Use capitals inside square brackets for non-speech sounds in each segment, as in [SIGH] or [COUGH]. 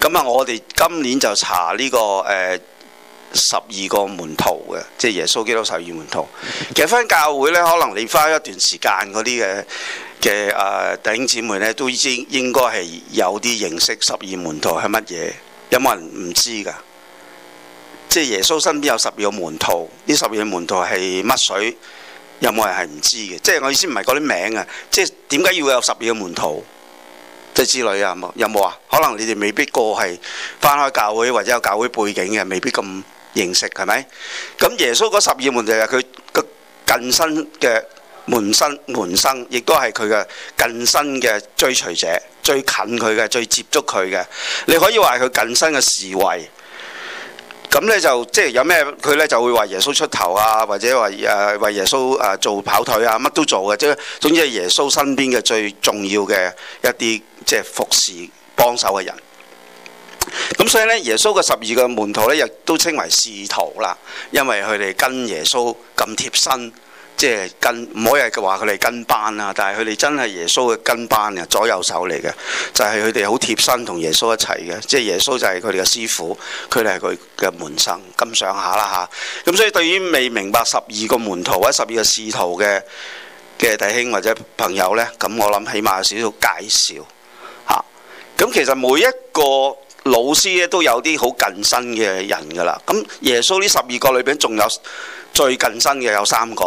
咁啊！我哋今年就查呢、這個誒十二個門徒嘅，即係耶穌基督十二門徒。其實翻教會咧，可能你翻一段時間嗰啲嘅嘅啊弟兄姊妹咧，都已經應該係有啲認識十二門徒係乜嘢。有冇人唔知㗎？即係耶穌身邊有十二個門徒，呢十二個門徒係乜水？有冇人係唔知嘅？即係我意思唔係嗰啲名啊，即係點解要有十二個門徒？即之類啊，有冇啊？可能你哋未必個係返開教會或者有教會背景嘅，未必咁認識，係咪？咁耶穌嗰十二門徒係佢個近身嘅門生門生，亦都係佢嘅近身嘅追隨者，最近佢嘅最接觸佢嘅，你可以話係佢近身嘅侍衞。咁、就是、呢就即係有咩佢呢就會為耶穌出頭啊，或者話誒、啊、為耶穌誒、啊、做跑腿啊，乜都做嘅，即、就、係、是、總之係耶穌身邊嘅最重要嘅一啲。即係服侍幫手嘅人咁，所以呢，耶穌嘅十二個門徒呢，亦都稱為使徒啦。因為佢哋跟耶穌咁貼身，即係跟唔可以係話佢哋跟班啦。但係佢哋真係耶穌嘅跟班啊，左右手嚟嘅就係佢哋好貼身同耶穌一齊嘅，即係耶穌就係佢哋嘅師傅，佢哋係佢嘅門生咁上下啦嚇。咁所以對於未明白十二個門徒或者十二個使徒嘅嘅弟兄或者朋友呢，咁我諗起碼有少少介紹。咁其實每一個老師咧都有啲好近身嘅人㗎啦。咁耶穌呢十二個裏邊仲有最近身嘅有三個，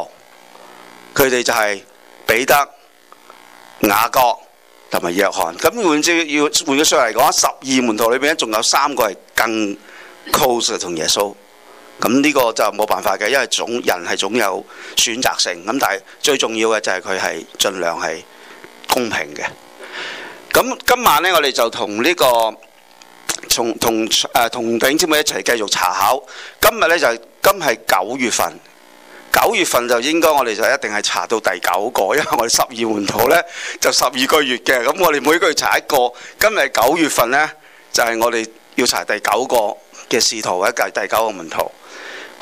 佢哋就係彼得、雅各同埋約翰。咁換照要換咗上嚟講，十二門徒裏邊咧仲有三個係更 close 嘅同耶穌。咁、這、呢個就冇辦法嘅，因為總人係總有選擇性。咁但係最重要嘅就係佢係盡量係公平嘅。咁今晚呢，我哋就、這個、同呢個從同誒同丁姐妹一齊繼續查考。今日呢，就是、今係九月份，九月份就應該我哋就一定係查到第九個，因為我哋十二門徒呢，就十二個月嘅，咁我哋每個月查一個。今日九月份呢，就係、是、我哋要查第九個嘅使徒或者第九個門徒。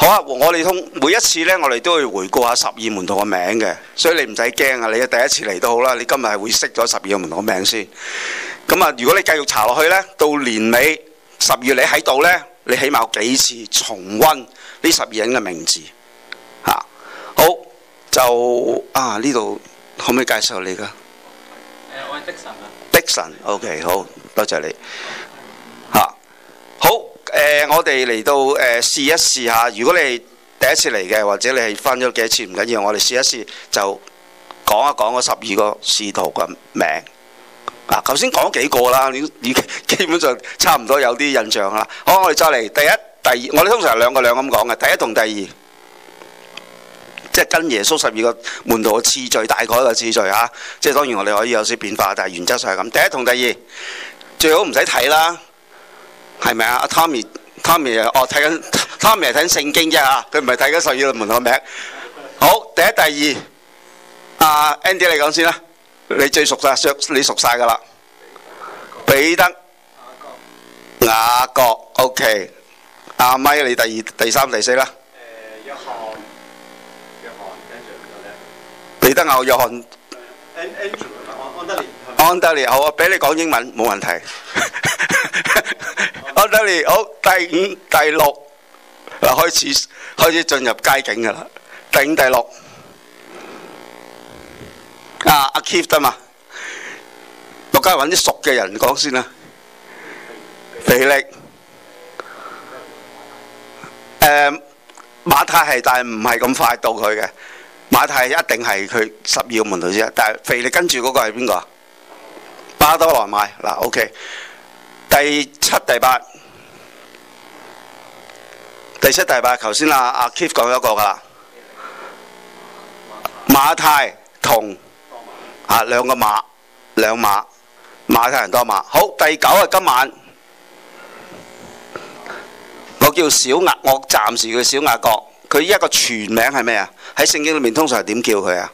好啊！我哋通每一次呢，我哋都會回顧下十二門徒個名嘅，所以你唔使驚啊！你第一次嚟都好啦，你今日係會識咗十二門徒個名先。咁啊，如果你繼續查落去呢，到年尾十二月你喺度呢，你起碼有幾次重溫呢十二人嘅名字嚇、啊。好就啊呢度可唔可以介紹你噶？誒，我係 Dixon 啊。Dixon，OK，好多謝你嚇、啊。好。誒、呃，我哋嚟到誒、呃、試一試一下。如果你第一次嚟嘅，或者你係翻咗幾次唔緊要，我哋試一試就講一講個十二個使徒嘅名。啊，頭先講幾個啦，已經已經基本上差唔多有啲印象啦。好，我哋再嚟第一、第二。我哋通常係兩個兩咁講嘅，第一同第二，即、就、係、是、跟耶穌十二個門徒嘅次序，大概嘅次序嚇。即、啊、係、就是、當然我哋可以有少少變化，但係原則上係咁。第一同第二最好唔使睇啦。係咪啊？Tommy，Tommy 啊，哦睇緊，Tommy 係睇緊聖經啫啊！佢唔係睇緊十二門徒個名。好，第一、第二。阿 Andy 你講先啦，你最熟曬，熟你熟曬噶啦。彼得、雅各，OK。阿米你第二、第三、第四啦。彼得、雅各、約翰、安德烈。安德烈好啊，俾你講英文冇問題。好得嚟，好第五第六嗱，開始開始進入佳境噶啦，第五第六啊，阿 Keith 啊嘛，都加揾啲熟嘅人講先啦。腓力誒，馬太係但係唔係咁快到佢嘅，馬太一定係佢十二個門徒之一，但係腓力跟住嗰個係邊個啊？巴多羅買嗱，OK。第七、第八、第七、第八，頭先阿啊，啊，Keith 講咗一個㗎喇，馬太同太和啊兩個馬兩馬馬太人多馬。好，第九啊，今晚我叫小雅，我暫時叫小雅各。佢呢個全名係咩啊？喺聖經裏面通常係點叫佢啊？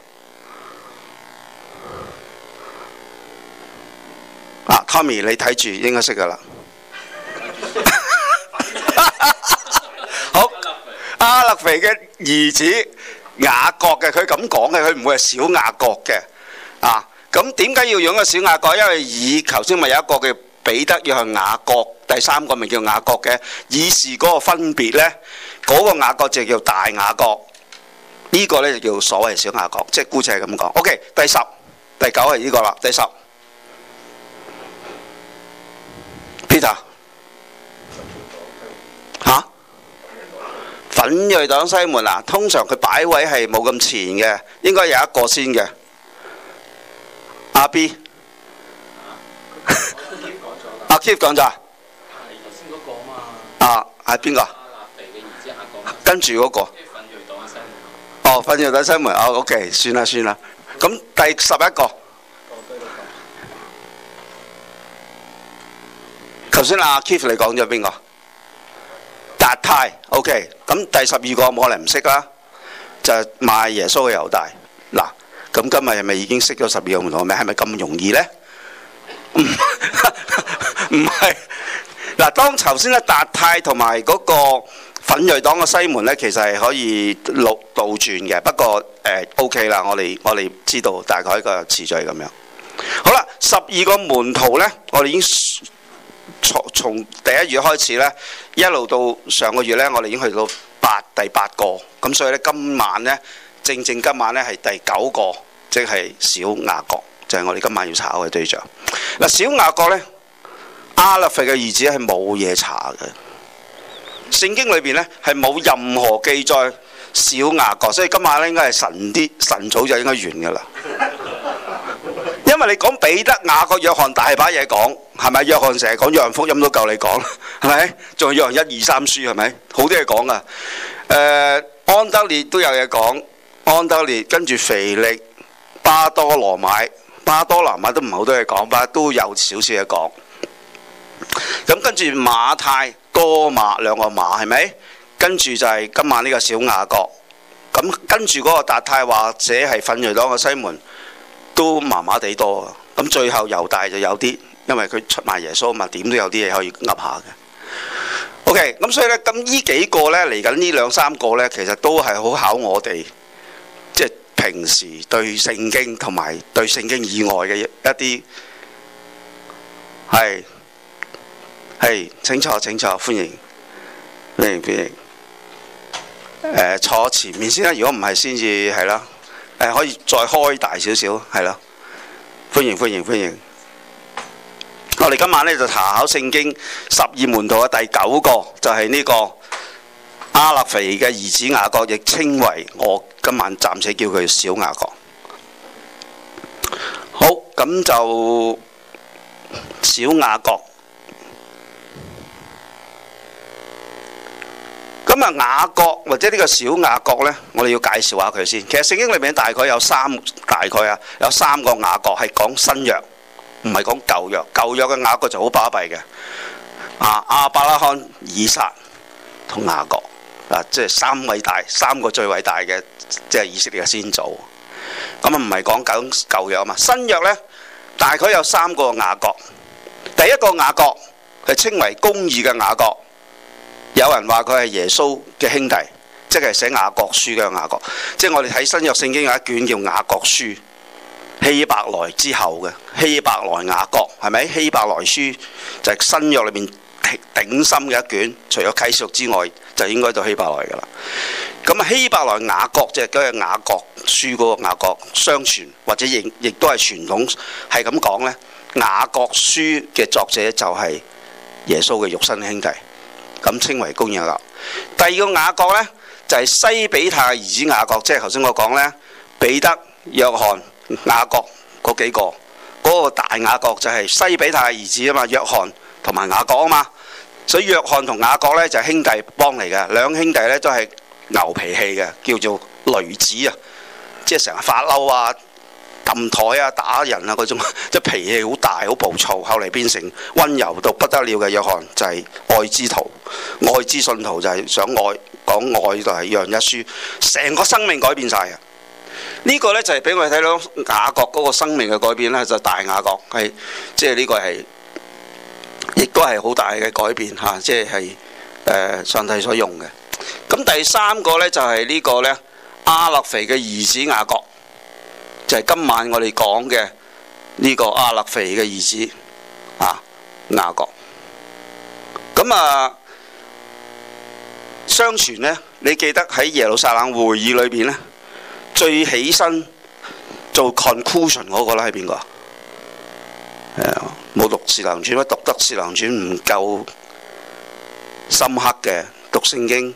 啊，Tommy，你睇住應該識噶啦。好，亞勒腓嘅兒子雅各嘅，佢咁講嘅，佢唔會係小雅各嘅。啊，咁點解要養個小雅各？因為以頭先咪有一個嘅彼得叫雅各，第三個名叫雅各嘅，以是嗰個分別咧，嗰個雅各就叫大雅各，呢個咧就叫所謂小雅各，即係姑且係咁講。OK，第十、第九係呢個啦，第十。奮銳黨西門啊，通常佢擺位係冇咁前嘅，應該有一個先嘅。阿 B，阿 Keith 講咗，阿 Keith 講咗，啊係邊個？跟住嗰個，哦，奮銳黨西門，哦，OK，算啦算啦。咁第十一個，頭先阿 Keith 你講咗邊個？達太，OK，咁第十二個冇可能唔識啦，就賣耶穌嘅猶大。嗱，咁今日係咪已經識咗十二個門徒咩？係咪咁容易咧？唔係，嗱，當頭先嘅達太同埋嗰個奮銳黨嘅西門咧，其實係可以倒倒轉嘅。不過誒，OK 啦，我哋我哋知道大概一個次序咁樣。好啦，十二個門徒咧，我哋已經。從從第一月開始呢，一路到上個月呢，我哋已經去到八、第八個，咁所以呢，今晚呢，正正今晚呢係第九個，即係小雅各，就係、是、我哋今晚要查嘅對象。嗱，小雅各呢，亞勒腓嘅兒子係冇嘢查嘅，聖經裏邊呢，係冇任何記載小雅各，所以今晚呢，應該係神啲神早就應該完㗎啦。你講彼得、雅各、約翰大把嘢講，係咪？約翰成日講約翰福音都夠你講啦，係咪？仲約翰一二三書，係咪？好多嘢講啊！誒、呃，安德烈都有嘢講，安德烈跟住腓力、巴多羅買，巴多羅買都唔係好多嘢講，但係都有少少嘢講。咁跟住馬太，多馬，兩個馬，係咪？跟住就係今晚呢個小雅各。咁跟住嗰個達太或者係奮銳黨嘅西門，都麻麻地多啊！咁最後猶大就有啲，因為佢出賣耶穌啊嘛，點都有啲嘢可以噏下嘅。OK，咁所以呢，咁呢幾個呢，嚟緊呢兩三個呢，其實都係好考我哋，即係平時對聖經同埋對聖經以外嘅一啲係係，請坐請坐，歡迎歡迎歡迎，誒，坐前面先啦，如果唔係先至係啦。可以再開大少少，係咯，歡迎歡迎歡迎！我哋今晚咧就查考聖經十二門徒嘅第九個，就係呢個亞勒腓嘅兒子雅各，亦稱為我今晚暫且叫佢小雅各。好，咁就小雅各。咁啊，雅各或者呢個小雅各呢，我哋要介紹下佢先。其實聖經裏面大概有三，大概啊有三個雅各係講新約，唔係講舊約。舊約嘅雅各就好巴閉嘅，亞伯拉罕、以撒同雅各，嗱即係三位大，三個最偉大嘅即係以色列嘅先祖。咁啊，唔係講緊舊約啊嘛。新約呢，大概有三個雅各。第一個雅各係稱為公義嘅雅各。有人話佢係耶穌嘅兄弟，即係寫雅各書嘅雅各。即係我哋睇新約聖經有一卷叫雅各書，希伯來之後嘅希伯來雅各，係咪？希伯來書就係新約裏面頂深嘅一卷，除咗啟示之外，就應該到希伯來噶啦。咁啊，希伯來雅各即係嗰個雅各書嗰個雅各，雅各相傳或者亦亦都係傳統係咁講呢，雅各書嘅作者就係耶穌嘅肉身兄弟。咁稱為公羊角。第二個雅各呢，就係、是、西比泰嘅兒子雅各，即係頭先我講呢，彼得、約翰、雅各嗰幾個，嗰、那個大雅各就係西比泰嘅兒子啊嘛，約翰同埋雅各啊嘛，所以約翰同雅各呢，就係、是、兄弟幫嚟嘅，兩兄弟呢，都係牛脾氣嘅，叫做雷子啊，即係成日發嬲啊！揼台啊，打人啊，嗰種即係脾氣好大，好暴躁。後嚟變成温柔到不得了嘅約翰，就係、是、愛之徒，愛之信徒，就係想愛，講愛就係讓一書，成個生命改變晒。嘅。呢個呢，就係、是、俾我哋睇到雅各嗰個生命嘅改變呢，就是、大雅各係即係呢個係亦都係好大嘅改變嚇，即係誒上帝所用嘅。咁第三個呢，就係、是、呢個呢，亞勒腓嘅兒子雅各。就係今晚我哋講嘅呢個亞勒腓嘅意思啊，雅各咁啊，相傳呢，你記得喺耶路撒冷會議裏邊呢，最起身做 conclusion 嗰個咧係邊個啊？冇讀智林傳咩？讀得智林傳唔夠深刻嘅，讀聖經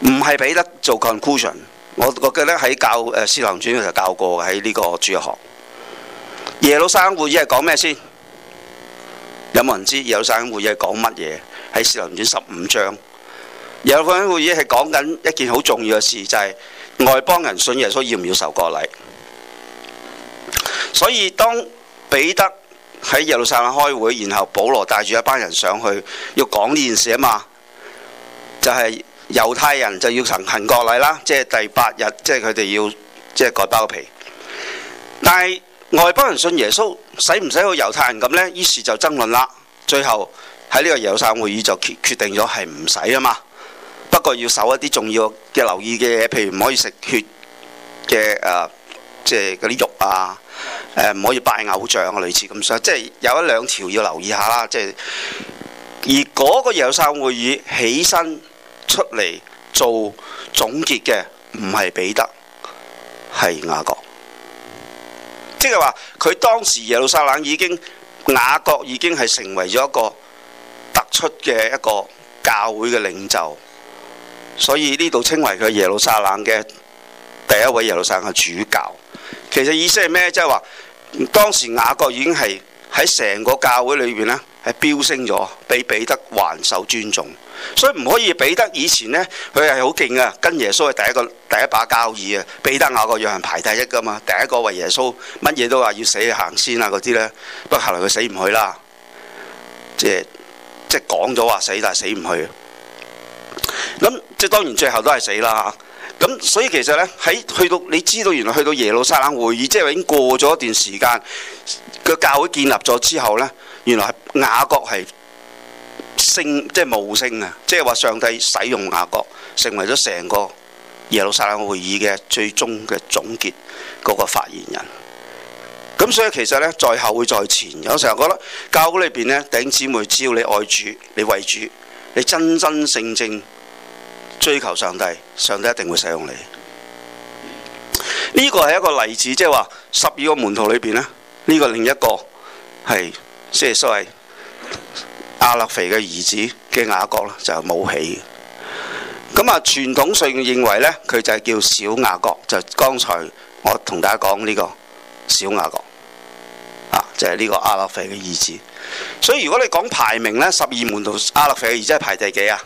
唔係畀得做 conclusion。我記得喺教誒使徒行傳嘅時候教過喺呢個主學。耶路撒冷會議係講咩先？有冇人知耶路撒冷會議係講乜嘢？喺使徒行傳十五章，耶路撒冷會議係講緊一件好重要嘅事，就係外邦人信耶穌要唔要受割禮？所以當彼得喺耶路撒冷開會，然後保羅帶住一班人上去要講呢件事啊嘛，就係、是。猶太人就要行行割禮啦，即係第八日，即係佢哋要即係割包皮。但係外邦人信耶穌，使唔使好似猶太人咁呢？於是就爭論啦。最後喺呢個耶路撒冷會議就決決定咗係唔使啊嘛。不過要守一啲重要嘅留意嘅嘢，譬如唔可以食血嘅誒、呃，即係嗰啲肉啊，唔、呃、可以拜偶像啊，類似咁。所以即係有一兩條要留意下啦。即係而嗰個耶路撒冷會議起身。出嚟做總結嘅唔係彼得，係雅各。即係話佢當時耶路撒冷已經雅各已經係成為咗一個突出嘅一個教會嘅領袖，所以呢度稱為佢耶路撒冷嘅第一位耶路撒冷嘅主教。其實意思係咩？即係話當時雅各已經係喺成個教會裏邊呢。係飆升咗，比彼得還受尊重，所以唔可以彼得以前呢，佢係好勁啊。跟耶穌係第一個第一把交椅啊。彼得咬個約人排第一噶嘛，第一個為耶穌乜嘢都話要死行先啊嗰啲呢。不過後來佢死唔去啦，即係即講咗話死，但係死唔去。咁即係當然最後都係死啦。咁所以其實呢，喺去到你知道原來去到耶路撒冷會議，即係已經過咗一段時間，個教會建立咗之後呢。原來係雅各係聖，即係無聲啊！即係話上帝使用雅各，成為咗成個耶路撒冷會議嘅最終嘅總結嗰個發言人。咁所以其實呢，在後會在前，有時候覺得教會裏邊呢，弟兄姊妹，只要你愛主，你為主，你真真正正追求上帝，上帝一定會使用你。呢個係一個例子，即係話十二個門徒裏邊呢，呢個另一個係。即係所謂亞勒腓嘅兒子嘅雅各啦，就冇起咁啊。傳統上認為呢，佢就係叫小雅各，就剛才我同大家講呢個小雅各啊，就係、是、呢個亞勒腓嘅兒子。所以如果你講排名呢，十二門徒亞勒腓嘅兒子排第幾啊？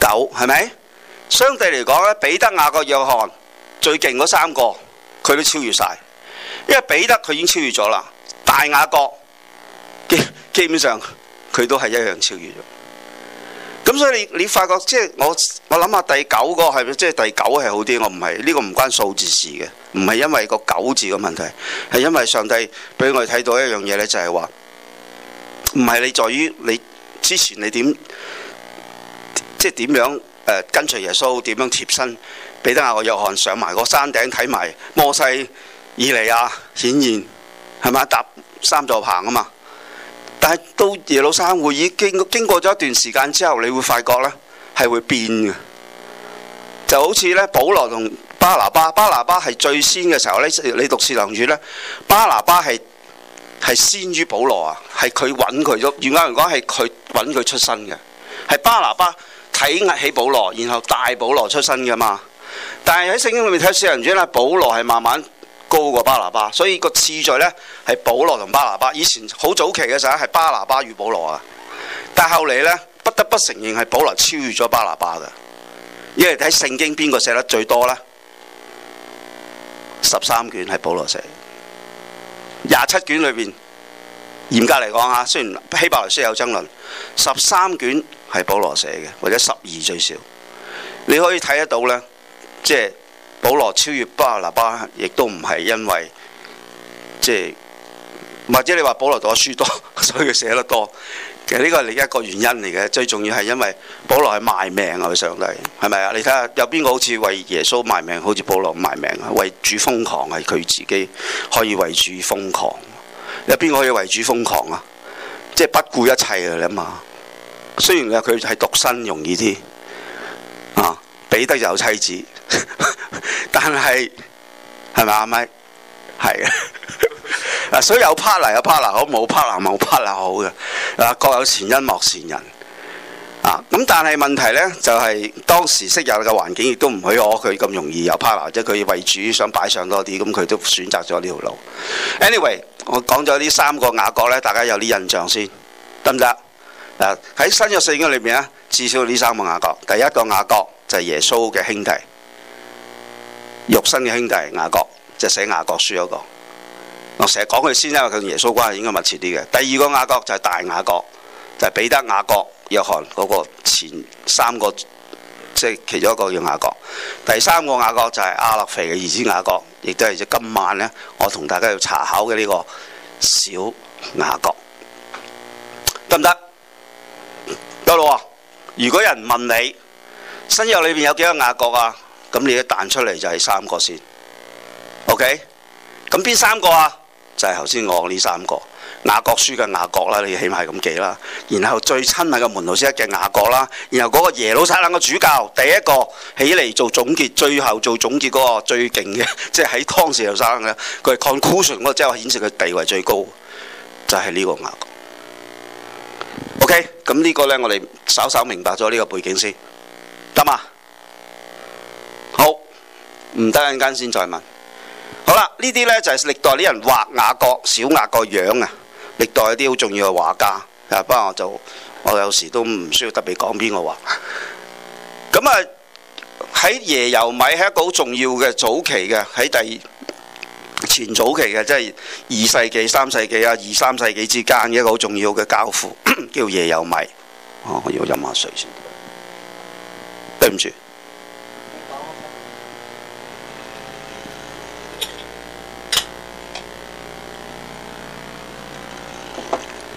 九係咪？相對嚟講呢，彼得、雅各、約翰最勁嗰三個，佢都超越晒，因為彼得佢已經超越咗啦。大雅各基本上佢都係一樣超越咗，咁所以你你發覺即係我我諗下第九個係咪即係第九係好啲？我唔係呢個唔關數字嘅事嘅，唔係因為個九字嘅問題，係因為上帝俾我哋睇到一樣嘢咧，就係話唔係你在於你之前你點即係點樣誒、呃、跟隨耶穌，點樣貼身彼得、雅各、約翰上埋個山頂睇埋摩西、以利亞顯現，係咪啊？搭三座棚啊嘛，但係到耶路撒冷會議經經過咗一段時間之後，你會發覺呢係會變嘅，就好似呢，保羅同巴拿巴，巴拿巴係最先嘅時候咧，你讀《使徒行傳》呢，巴拿巴係係先於保羅啊，係佢揾佢咗，換句話說係佢揾佢出身嘅，係巴拿巴睇起保羅，然後帶保羅出身嘅嘛，但係喺聖經裏面睇《使徒行傳》咧，保羅係慢慢。高過巴拿巴，所以個次序呢，係保羅同巴拿巴。以前好早期嘅時候係巴拿巴與保羅啊，但係後嚟呢，不得不承認係保羅超越咗巴拿巴嘅，因為睇聖經邊個寫得最多呢？十三卷係保羅寫，廿七卷裏邊嚴格嚟講啊，雖然希伯來書有爭論，十三卷係保羅寫嘅，或者十二最少，你可以睇得到呢，即係。保羅超越巴拿巴，亦都唔係因為即係，或者你話保羅讀書多，所以佢寫得多。其實呢個係另一個原因嚟嘅。最重要係因為保羅係賣命啊！佢上帝係咪啊？你睇下有邊個好似為耶穌賣命，好似保羅咁賣命啊？為主瘋狂係佢自己可以為主瘋狂，有邊個可以為主瘋狂啊？即係不顧一切啊！你諗下，雖然佢係獨身容易啲。你得有妻子， [LAUGHS] 但係係咪阿咪係啊？ [LAUGHS] 所以有 partner 有 partner 好，冇 partner 冇 partner 好嘅啊。各有前因莫前人啊。咁但係問題呢，就係、是、當時識有嘅環境亦都唔許我佢咁容易有 partner，即係佢為主想擺上多啲，咁佢都選擇咗呢條路。Anyway，我講咗呢三個雅各呢，大家有啲印象先得唔得啊？喺新約聖經裏面，咧，至少呢三個雅各，第一個雅各。就係耶穌嘅兄弟，肉身嘅兄弟雅各，即係、寫雅各書嗰個。我成日講佢先，因為佢同耶穌關係應該密切啲嘅。第二個雅各就係大雅各，就係、是、彼得雅各、約翰嗰個前三個，即、就、係、是、其中一個叫雅各。第三個雅各就係亞勒腓嘅兒子雅各，亦都係今晚呢，我同大家要查考嘅呢個小雅各，得唔得？夠啦喎！如果有人問你，新約裏邊有幾個雅各啊？咁你一彈出嚟就係三個先，OK？咁邊三個啊？就係頭先我呢三個雅各書嘅雅各啦，你起碼係咁記啦。然後最親密嘅門路先一嘅雅各啦，然後嗰個耶路撒冷嘅主教，第一個起嚟做總結，最後做總結嗰個最勁嘅，即係喺當時又生嘅，佢係 conclusion 嗰個，即係話顯示佢地位最高，就係、是、呢個雅各。OK？咁呢個呢，我哋稍稍明白咗呢個背景先。得嘛？好，唔得，陣間先再問。好啦，呢啲呢就係、是、歷代啲人畫雅各、小雅各樣啊。歷代啲好重要嘅畫家啊，不過我就，我有時都唔需要特別講邊個畫。咁啊，喺耶柔米係一個好重要嘅早期嘅，喺第前早期嘅，即、就、係、是、二世紀、三世紀啊，二三世紀之間嘅一個好重要嘅教父，叫耶柔米。哦，我要飲下水先。對唔住，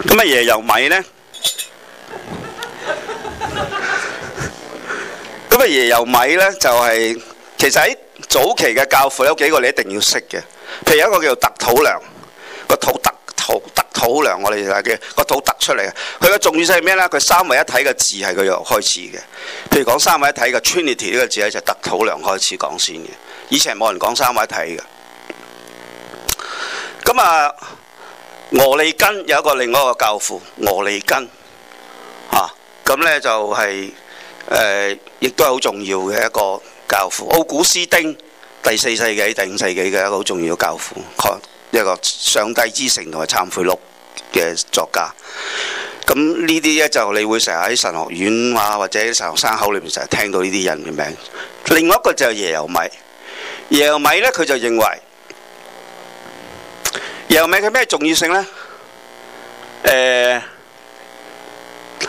咁啊！耶柔米呢，咁啊耶柔米呢就係其實喺早期嘅教父有幾個你一定要識嘅，譬如有一個叫做特土良，個土特。特土良我哋睇嘅個土凸出嚟嘅，佢嘅重要性係咩呢？佢三位一體嘅字係佢由開始嘅。譬如講三位一體嘅 Trinity 呢個字咧，就特土良開始講先嘅。以前冇人講三位一體嘅。咁啊，俄利根有一個另外一個教父，俄利根嚇。咁、啊、呢就係、是、誒、呃，亦都係好重要嘅一個教父。奧古斯丁，第四世紀、第五世紀嘅一個好重要嘅教父。一個上帝之城同埋懺悔錄嘅作家，咁呢啲咧就你會成日喺神學院啊，或者神學生口裏面成日聽到呢啲人嘅名。另外一個就係耶柔米，耶柔米咧，佢就認為耶柔米嘅咩重要性呢？誒、呃、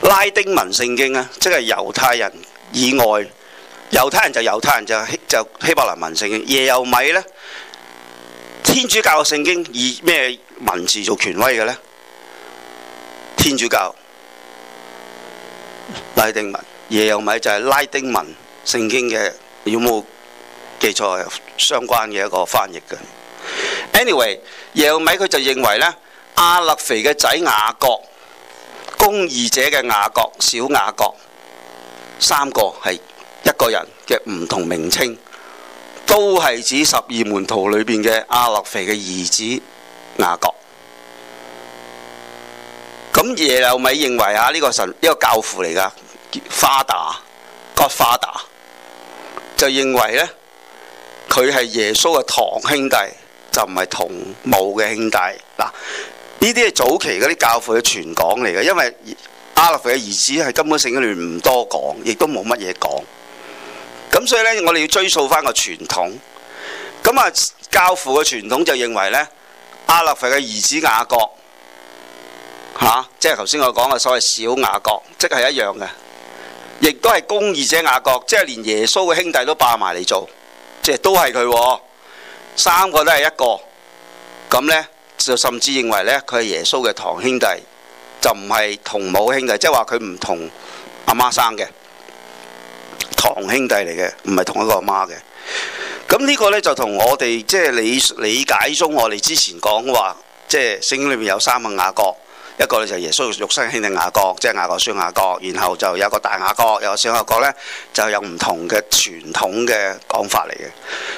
拉丁文聖經啊，即係猶太人以外，猶太人就猶太人就希就希伯來文聖經。耶柔米呢。」天主教嘅聖經以咩文字做權威嘅呢？天主教拉丁文。耶柔米就係拉丁文聖經嘅，有冇記錯相關嘅一個翻譯嘅？Anyway，耶柔米佢就認為呢，亞勒腓嘅仔雅各，公義者嘅雅各，小雅各，三個係一個人嘅唔同名稱。都係指十二門徒裏邊嘅亞勒腓嘅兒子雅各。咁耶路米認為啊，呢、呢個神一、呢個教父嚟㗎，花達個花達就認為呢，佢係耶穌嘅堂兄弟，就唔係同母嘅兄弟。嗱，呢啲係早期嗰啲教父嘅傳講嚟嘅，因為亞勒腓嘅兒子係根本聖經裏唔多講，亦都冇乜嘢講。咁所以咧，我哋要追溯翻個傳統。咁啊，教父嘅傳統就認為咧，亞勒腓嘅兒子雅各，嚇、啊，即係頭先我講嘅所謂小雅各，即係一樣嘅，亦都係公義者雅各，即係連耶穌嘅兄弟都霸埋嚟做，即係都係佢，三個都係一個。咁咧就甚至認為咧，佢係耶穌嘅堂兄弟，就唔係同母兄弟，即係話佢唔同阿媽生嘅。堂兄弟嚟嘅，唔係同一個阿媽嘅。咁呢個呢，就同我哋即係理理解中，我哋之前講話，即係聖經裏面有三個雅各，一個呢就耶穌肉身兄弟雅各，即係雅各、雙雅各，然後就有個大雅各，有個小雅各呢就有唔同嘅傳統嘅講法嚟嘅。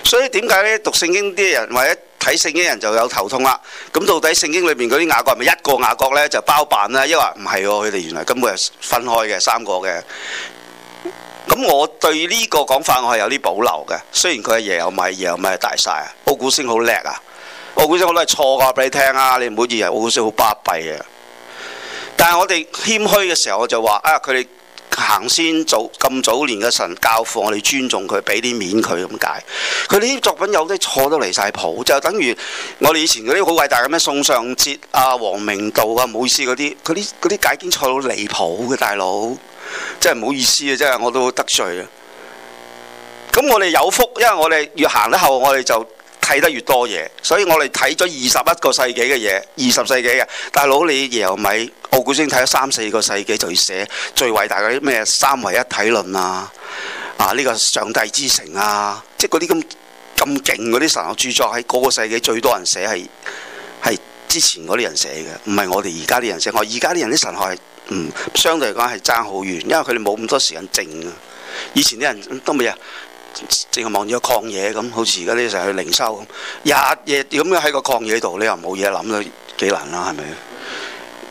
所以點解呢？讀聖經啲人或者睇聖經人就有頭痛啦。咁到底聖經裏面嗰啲雅各係咪一個雅各呢？就包辦啦，一話唔係喎，佢哋原來根本係分開嘅，三個嘅。咁我對呢個講法我係有啲保留嘅，雖然佢阿爺有米，阿爺有咩大晒曬，奧古斯好叻啊！奧古斯我都係錯噶，俾你聽啊！你唔好以為奧古斯好巴閉啊！但係我哋謙虛嘅時候，我就話啊，佢哋行先早咁早年嘅神教父，我哋尊重佢，俾啲面佢咁解。佢啲作品有啲錯都離晒譜，就等於我哋以前嗰啲好偉大嘅咩《宋尚節》啊、《王明道》啊，唔好意思啲，嗰啲嗰啲解經錯到離譜嘅大佬。真係唔好意思呀，真係我都得罪呀。咁我哋有福，因為我哋越行得後，我哋就睇得越多嘢。所以我哋睇咗二十一個世紀嘅嘢，二十世紀嘅。大佬你耶咪，米奧古斯丁睇咗三四個世紀，就要寫最偉大嘅啲咩三位一體論啊，啊呢、這個上帝之城啊，即係嗰啲咁咁勁嗰啲神學著作，喺嗰個世紀最多人寫係係之前嗰啲人寫嘅，唔係我哋而家啲人寫。我而家啲人啲神學係。嗯，相對嚟講係爭好遠，因為佢哋冇咁多時間靜啊。以前啲人都冇嘢，淨係望住個曠野咁，好似而家啲成日去零售咁，日夜咁樣喺個曠野度，你又冇嘢諗咧，幾難啦，啊，係咪？嗯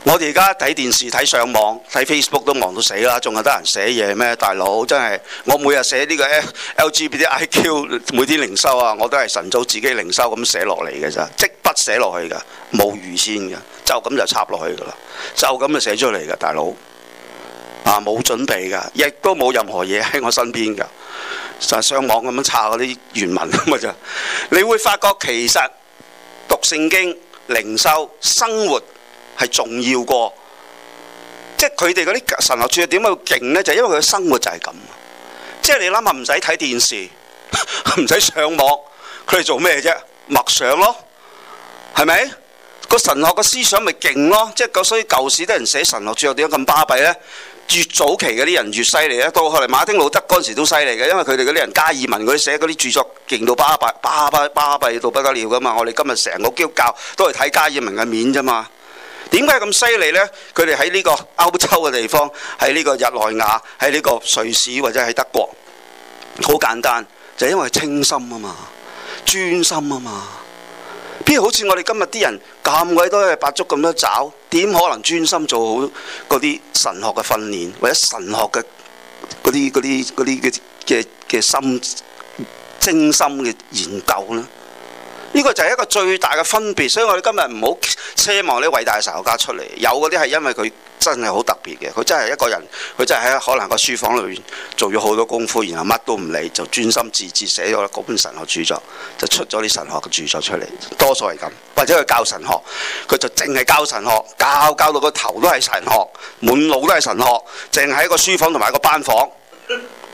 我哋而家睇電視、睇上網、睇 Facebook 都忙到死啦，仲有得人寫嘢咩？大佬真係我每日寫呢個 LGBTIQ 每啲靈修啊，我都係晨早自己靈修咁寫落嚟嘅咋，即筆寫落去噶，冇預先嘅，就咁就插落去噶啦，就咁就寫出嚟嘅，大佬啊冇準備噶，亦都冇任何嘢喺我身邊噶，就係上網咁樣查嗰啲原文咁啊咋？ [LAUGHS] 你會發覺其實讀聖經、靈修、生活。係重要過，即係佢哋嗰啲神學著作點解要勁呢？就因為佢嘅生活就係咁，即係你諗下，唔使睇電視，唔使上網，佢哋做咩啫？默想咯，係咪？個神學嘅思想咪勁咯，即係所以舊時啲人寫神學著作點解咁巴閉呢？越早期嗰啲人越犀利咧，到後嚟馬丁路德嗰陣時都犀利嘅，因為佢哋嗰啲人加爾文啲寫嗰啲著作勁到巴閉，巴巴巴閉到不得了噶嘛！我哋今日成個基督教都係睇加爾文嘅面啫嘛～點解咁犀利呢？佢哋喺呢個歐洲嘅地方，喺呢個日內瓦，喺呢個瑞士或者喺德國，好簡單，就因為清心啊嘛，專心啊嘛。譬如好似我哋今日啲人咁鬼多嘢，百足咁多爪，點可能專心做好嗰啲神學嘅訓練，或者神學嘅嗰啲嗰啲嗰啲嘅嘅心精心嘅研究呢？呢個就係一個最大嘅分別，所以我哋今日唔好奢望呢偉大嘅神學家出嚟。有嗰啲係因為佢真係好特別嘅，佢真係一個人，佢真係喺可能個書房裏邊做咗好多功夫，然後乜都唔理，就專心致志寫咗嗰本神學著作，就出咗啲神學嘅著作出嚟。多數係咁，或者佢教神學，佢就淨係教神學，教教到個頭都係神學，滿腦都係神學，淨係一個書房同埋一個班房。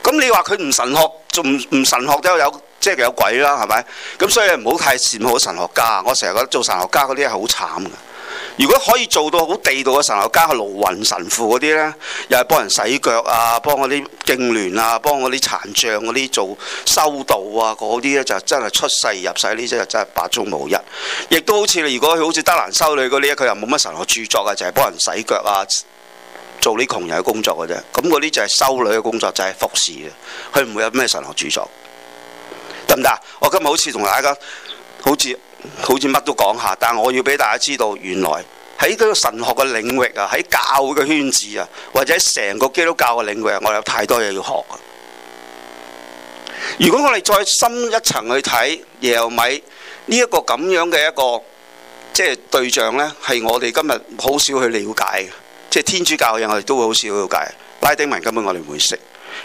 咁你話佢唔神學，仲唔唔神學都有？即係有鬼啦，係咪？咁所以唔好太羨慕神學家。我成日覺得做神學家嗰啲係好慘嘅。如果可以做到好地道嘅神學家，係盧雲神父嗰啲呢，又係幫人洗腳啊，幫嗰啲痙攣啊，幫嗰啲殘障嗰啲做修道啊嗰啲呢，就真係出世入世呢，真係真係百中無一。亦都好似如果好似德蘭修女嗰啲，佢又冇乜神學著作啊，就係、是、幫人洗腳啊，做啲窮人嘅工作嘅啫。咁嗰啲就係修女嘅工作，就係、是、服侍嘅，佢唔會有咩神學著作。得唔得？我今日好似同大家好似好似乜都講下，但係我要俾大家知道，原來喺嗰個神學嘅領域啊，喺教會嘅圈子啊，或者成個基督教嘅領域啊，我有太多嘢要學。如果我哋再深一層去睇耶柔米呢、這個、一個咁樣嘅一個即係對象呢，係我哋今日好少去了解嘅，即係天主教嘅人我哋都會好少去了解。拉丁文根本我哋唔會識。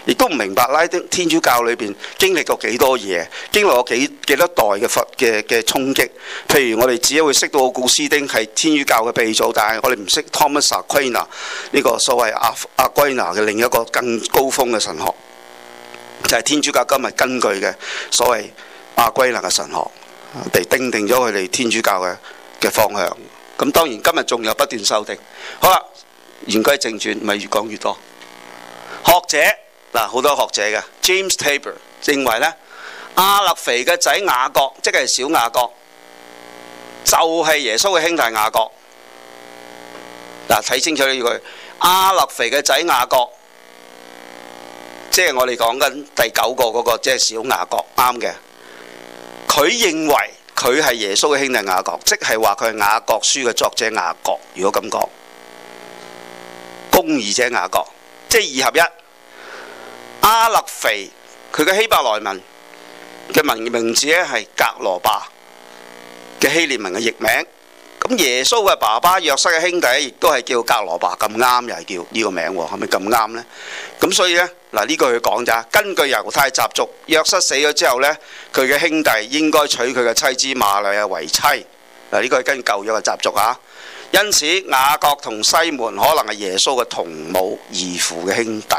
亦都唔明白拉丁天主教裏邊經歷過幾多嘢，經歷過幾幾多代嘅佛嘅嘅衝擊，譬如我哋只會識到奧古斯丁係天主教嘅鼻祖，但係我哋唔識 Thomas Aquinas 呢個所謂阿阿圭納嘅另一個更高峰嘅神學，就係、是、天主教今日根據嘅所謂阿圭納嘅神學嚟定定咗佢哋天主教嘅嘅方向。咁當然今日仲有不斷修訂，好啦，言歸正傳，咪越講越多學者。嗱，好多學者嘅 James Tabor 認為咧，亞勒腓嘅仔雅各，即係小雅各，就係、是、耶穌嘅兄弟雅各。嗱，睇清楚呢句，亞勒腓嘅仔雅各，即、就、係、是、我哋講緊第九個嗰、那個，即、就、係、是、小雅各，啱嘅。佢認為佢係耶穌嘅兄弟雅各，即係話佢係雅各書嘅作者雅各。如果咁講，公義者雅各，即係二合一。亞勒腓佢嘅希伯來文嘅名名字咧係格羅巴嘅希臘文嘅譯名，咁耶穌嘅爸爸約瑟嘅兄弟亦都係叫格羅巴，咁啱又係叫呢個名喎，係咪咁啱呢？咁所以呢，嗱呢句佢講咋，根據猶太習俗，約瑟死咗之後呢，佢嘅兄弟應該娶佢嘅妻子瑪麗亞為妻。嗱呢個係跟舊約嘅習俗啊，因此雅各同西門可能係耶穌嘅同母異父嘅兄弟。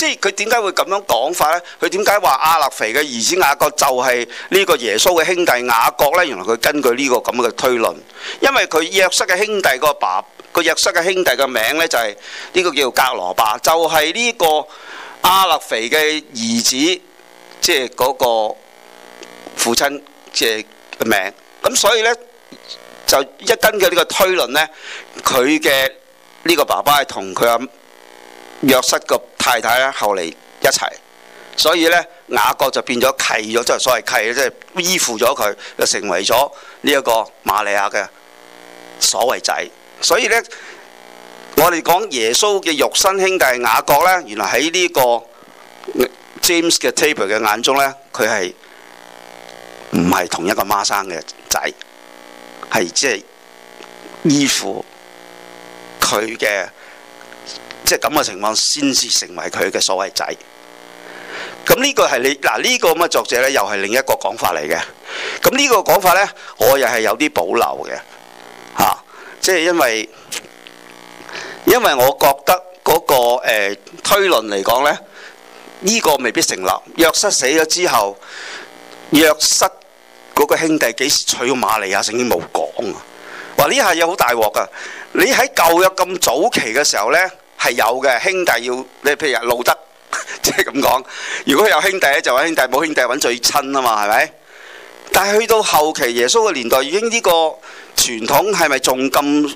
即係佢點解會咁樣講法呢？佢點解話亞勒腓嘅兒子雅各就係呢個耶穌嘅兄弟雅各呢？原來佢根據呢個咁嘅推論，因為佢約瑟嘅兄弟個爸爸，個約瑟嘅兄弟嘅名呢就係呢個叫格羅巴，就係呢個亞勒腓嘅兒子，即係嗰個父親嘅名。咁所以呢，就一根據呢個推論呢，佢嘅呢個爸爸係同佢阿約瑟個。太太咧，後嚟一齊，所以呢，雅各就變咗契咗，即所謂契，即係依附咗佢，就成為咗呢一個瑪利亞嘅所謂仔。所以呢，我哋講耶穌嘅肉身兄弟雅各呢，原來喺呢個 James 嘅 Tabor 嘅眼中呢，佢係唔係同一個媽生嘅仔，係即係依附佢嘅。即係咁嘅情況，先至成為佢嘅所謂仔。咁、嗯、呢、這個係你嗱呢個咁嘅作者呢，又係另一個講法嚟嘅。咁、嗯、呢、這個講法呢，我又係有啲保留嘅嚇、啊，即係因為因為我覺得嗰、那個、呃、推論嚟講呢，呢、這個未必成立。約瑟死咗之後，約瑟嗰個兄弟幾時娶馬利亞，聖經冇講啊！哇！呢下有好大鑊噶。你喺舊約咁早期嘅時候呢。係有嘅兄弟要，你譬如啊，路德即係咁講。如果有兄弟咧，就揾兄弟；冇兄弟揾最親啊嘛，係咪？但係去到後期耶穌嘅年代，已經呢個傳統係咪仲咁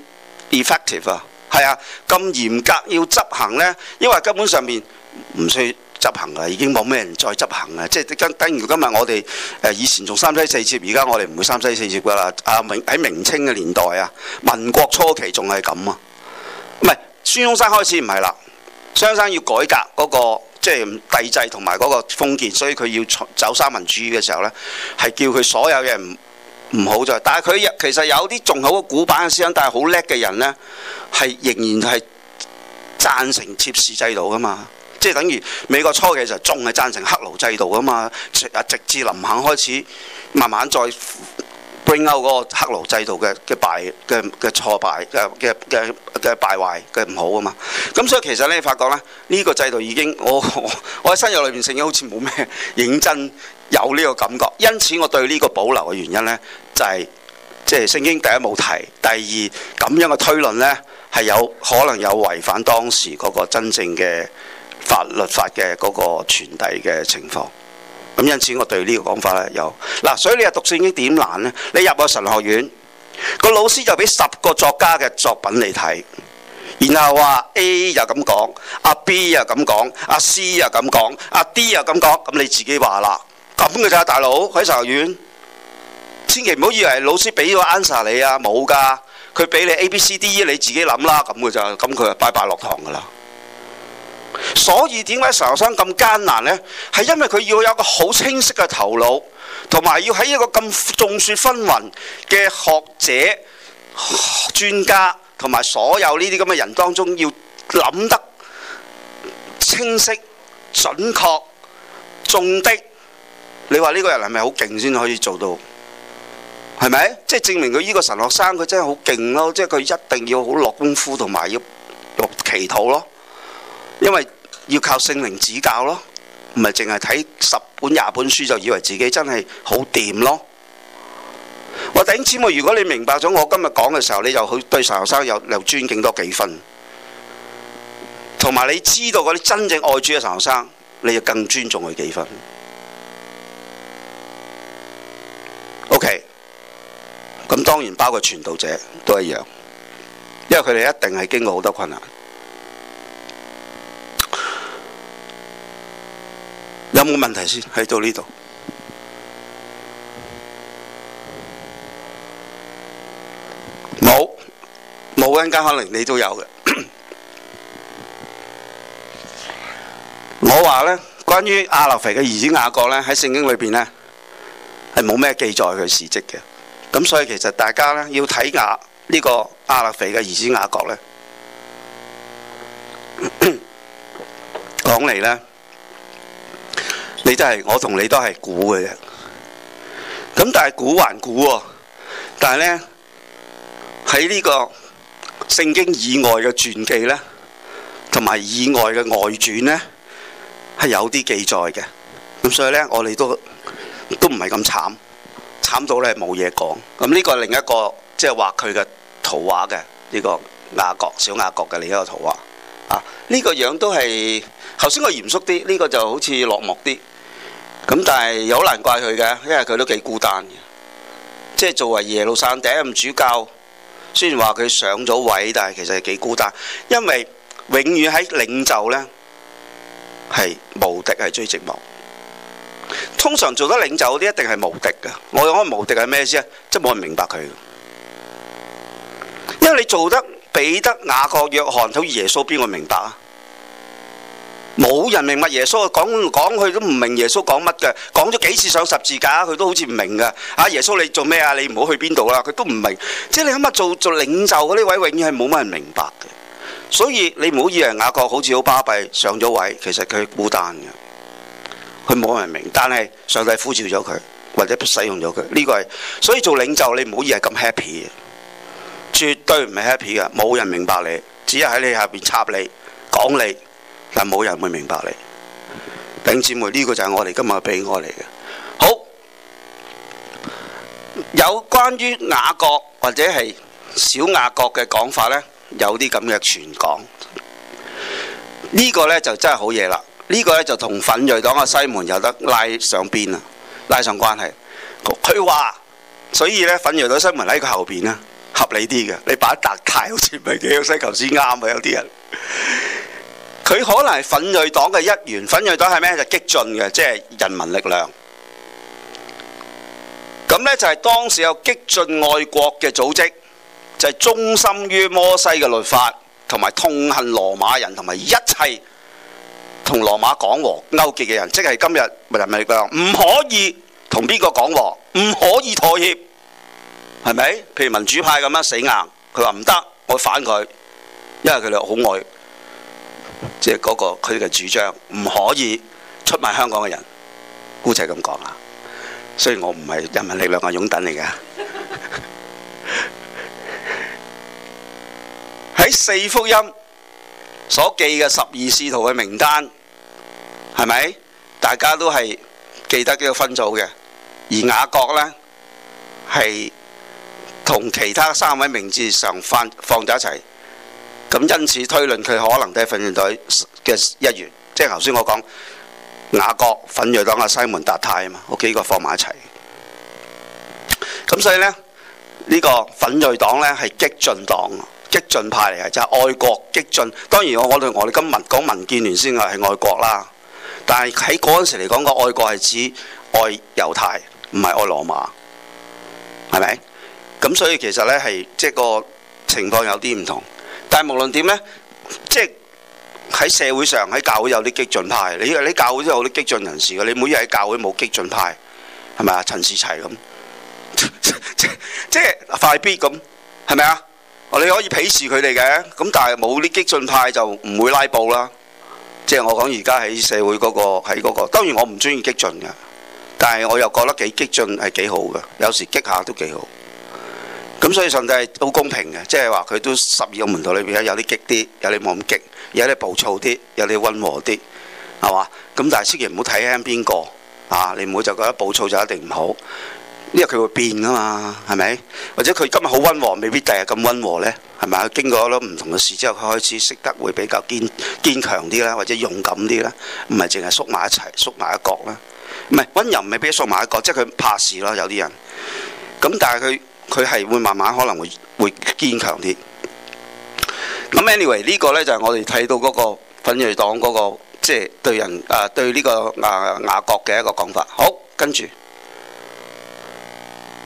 effective 啊？係啊，咁嚴格要執行呢，因為根本上面唔需要執行啦，已經冇咩人再執行啦。即係等等於今日我哋誒以前仲三妻四妾，而家我哋唔會三妻四妾㗎啦。啊，明喺明清嘅年代啊，民國初期仲係咁啊，唔係。孫中山開始唔係啦，孫中山要改革嗰個即係帝制同埋嗰個封建，所以佢要走三民主義嘅時候呢，係叫佢所有嘢唔唔好做。但係佢其實有啲仲好古板嘅思想，但係好叻嘅人呢，係仍然係贊成妾侍制度噶嘛。即係等於美國初期嘅時候仲係贊成黑奴制度噶嘛，直至林肯開始慢慢再。Bring out 嗰個黑奴制度嘅嘅敗嘅嘅挫敗嘅嘅嘅嘅敗壞嘅唔好啊嘛，咁所以其實咧，你發覺咧，呢個制度已經我我我喺新約裏邊聖經好似冇咩認真有呢個感覺。因此我對呢個保留嘅原因咧，就係即係聖經第一冇提，第二咁樣嘅推論咧係有可能有違反當時嗰個真正嘅法律法嘅嗰個傳遞嘅情況。咁因此，我對呢個講法咧有嗱、啊，所以你讀聖經點難呢？你入個神學院，個老師就俾十個作家嘅作品你睇，然後話 A 又咁講，阿 B 又咁講，阿 C 又咁講，阿 D 又咁講，咁你自己話啦，咁嘅咋大佬喺神學院，千祈唔好以為老師俾咗個 answer 你啊，冇噶，佢俾你 A、B、C、D，你自己諗啦，咁嘅就，咁佢就拜拜落堂㗎啦。所以點解神學生咁艱難呢？係因為佢要有一個好清晰嘅頭腦，同埋要喺一個咁眾說紛紜嘅學者、專家同埋所有呢啲咁嘅人當中，要諗得清晰、準確、中的。你話呢個人係咪好勁先可以做到？係咪？即係證明佢呢個神學生佢真係好勁咯，即係佢一定要好落功夫，同埋要落祈禱咯。因為要靠聖靈指教咯，唔係淨係睇十本廿本書就以為自己真係好掂咯。我頂尖啊！如果你明白咗我今日講嘅時候，你就好對神學生又又尊敬多幾分，同埋你知道嗰啲真正愛主嘅神學生，你就更尊重佢幾分。O K，咁當然包括傳道者都一樣，因為佢哋一定係經過好多困難。有冇問題先？喺到呢度，冇冇人家可能你都有嘅。 [COUGHS] 我話咧，關於亞勒腓嘅兒子雅各咧，喺聖經裏邊咧係冇咩記載佢事蹟嘅。咁所以其實大家咧要睇亞呢個亞勒腓嘅兒子雅各呢。 [COUGHS] 講嚟呢。你真係我同你都係估嘅啫。咁但係估還估喎。但係、哦、呢，喺呢個聖經以外嘅傳記呢，同埋以外嘅外傳呢，係有啲記載嘅。咁所以呢，我哋都都唔係咁慘，慘到咧冇嘢講。咁呢個另一個即係話佢嘅圖畫嘅呢個雅各小雅各嘅另一個圖畫啊，呢、這個樣都係頭先個嚴肅啲，呢個，這個就好似落寞啲。咁但係又好難怪佢嘅，因為佢都幾孤單嘅。即係作為耶路撒冷第一任主教，雖然話佢上咗位，但係其實係幾孤單，因為永遠喺領袖咧係無敵係最寂寞。通常做得領袖嗰啲一定係無敵嘅，我講嘅無敵係咩意思啊？即係冇人明白佢，因為你做得彼得、雅各、約翰，好似耶穌邊個明白啊？冇人明白耶穌，講講佢都唔明耶穌講乜嘅。講咗幾次上十字架，佢都好似唔明嘅。啊，耶穌你做咩啊？你唔好去邊度啦。佢都唔明，即係你諗下做做領袖嗰啲位，永遠係冇乜人明白嘅。所以你唔好以，以為雅各好似好巴閉上咗位，其實佢孤單嘅，佢冇人明。但係上帝呼召咗佢，或者使用咗佢，呢個係所以做領袖你唔好以，以為咁 happy，絕對唔係 happy 嘅。冇人明白你，只係喺你下邊插你講你。嗱，冇人會明白你，弟兄姊妹，呢個就係我哋今日嘅悲哀嚟嘅。好，有關於雅各或者係小雅各嘅講法咧，有啲咁嘅傳講，呢個咧就真係好嘢啦。呢個咧就同奮銳黨嘅西門有得拉上邊啊，拉上關係。佢話，所以咧奮銳黨嘅西門喺佢後邊啦，合理啲嘅。你擺達太好似唔係幾好，西門先啱啊，有啲人。佢可能係奮銳黨嘅一員，奮銳黨係咩？就激進嘅，即係人民力量。咁咧就係當時有激進愛國嘅組織，就係忠心於摩西嘅律法，同埋痛恨羅馬人同埋一切同羅馬講和勾結嘅人，即係今日民人民力量唔可以同邊個講和，唔可以妥協，係咪？譬如民主派咁樣死硬，佢話唔得，我反佢，因為佢哋好愛。即係嗰個佢嘅主張，唔可以出賣香港嘅人，姑且咁講啦。雖然我唔係人民力量嘅擁躉嚟嘅。喺 [LAUGHS] 四福音所記嘅十二使徒嘅名單，係咪大家都係記得呢個分組嘅？而雅各咧係同其他三位名字上放放咗一齊。咁因此推論，佢可能都係奮銳黨嘅一員。即係頭先我講雅各奮銳黨啊，西門達太啊嘛，我幾個放埋一齊。咁所以呢，呢、呢個奮銳黨呢係激進黨，激進派嚟嘅，就係、係、愛國激進。當然我我哋我哋今日講民建聯先啊，係愛國啦。但係喺嗰陣時嚟講，個愛國係指愛猶太，唔係愛羅馬，係咪？咁所以其實呢，係即係個情況有啲唔同。但係無論點咧，即係喺社會上喺教會有啲激進派，你你教會都有啲激進人士㗎。你每日喺教會冇激進派，係咪啊？陳士齊咁，即 [LAUGHS] 即快必咁，係咪啊？哦，你可以鄙視佢哋嘅，咁但係冇啲激進派就唔會拉布啦。即係我講而家喺社會嗰、那個喺嗰、那個，當然我唔中意激進嘅，但係我又覺得幾激進係幾好嘅，有時激下都幾好。咁所以上帝係好公平嘅，即係話佢都十二個門徒裏邊有有啲激啲，有啲冇咁激，有啲暴躁啲，有啲溫和啲，係嘛？咁但係千祈唔好睇輕邊個啊，你唔好就覺得暴躁就一定唔好，因為佢會變噶嘛，係咪？或者佢今日好溫和，未必第日咁溫和呢，係咪啊？經過咗唔同嘅事之後，佢開始識得會比較堅堅強啲啦，或者勇敢啲啦，唔係淨係縮埋一齊，縮埋一角啦，唔係溫柔，未必縮埋一角，即係佢怕事咯。有啲人咁，但係佢。佢係會慢慢可能會會堅強啲。咁 anyway 呢個咧就係我哋睇到嗰個粉嶺黨嗰個即係、就是、對人、呃對這個、啊對呢個啊雅各嘅一個講法。好，跟住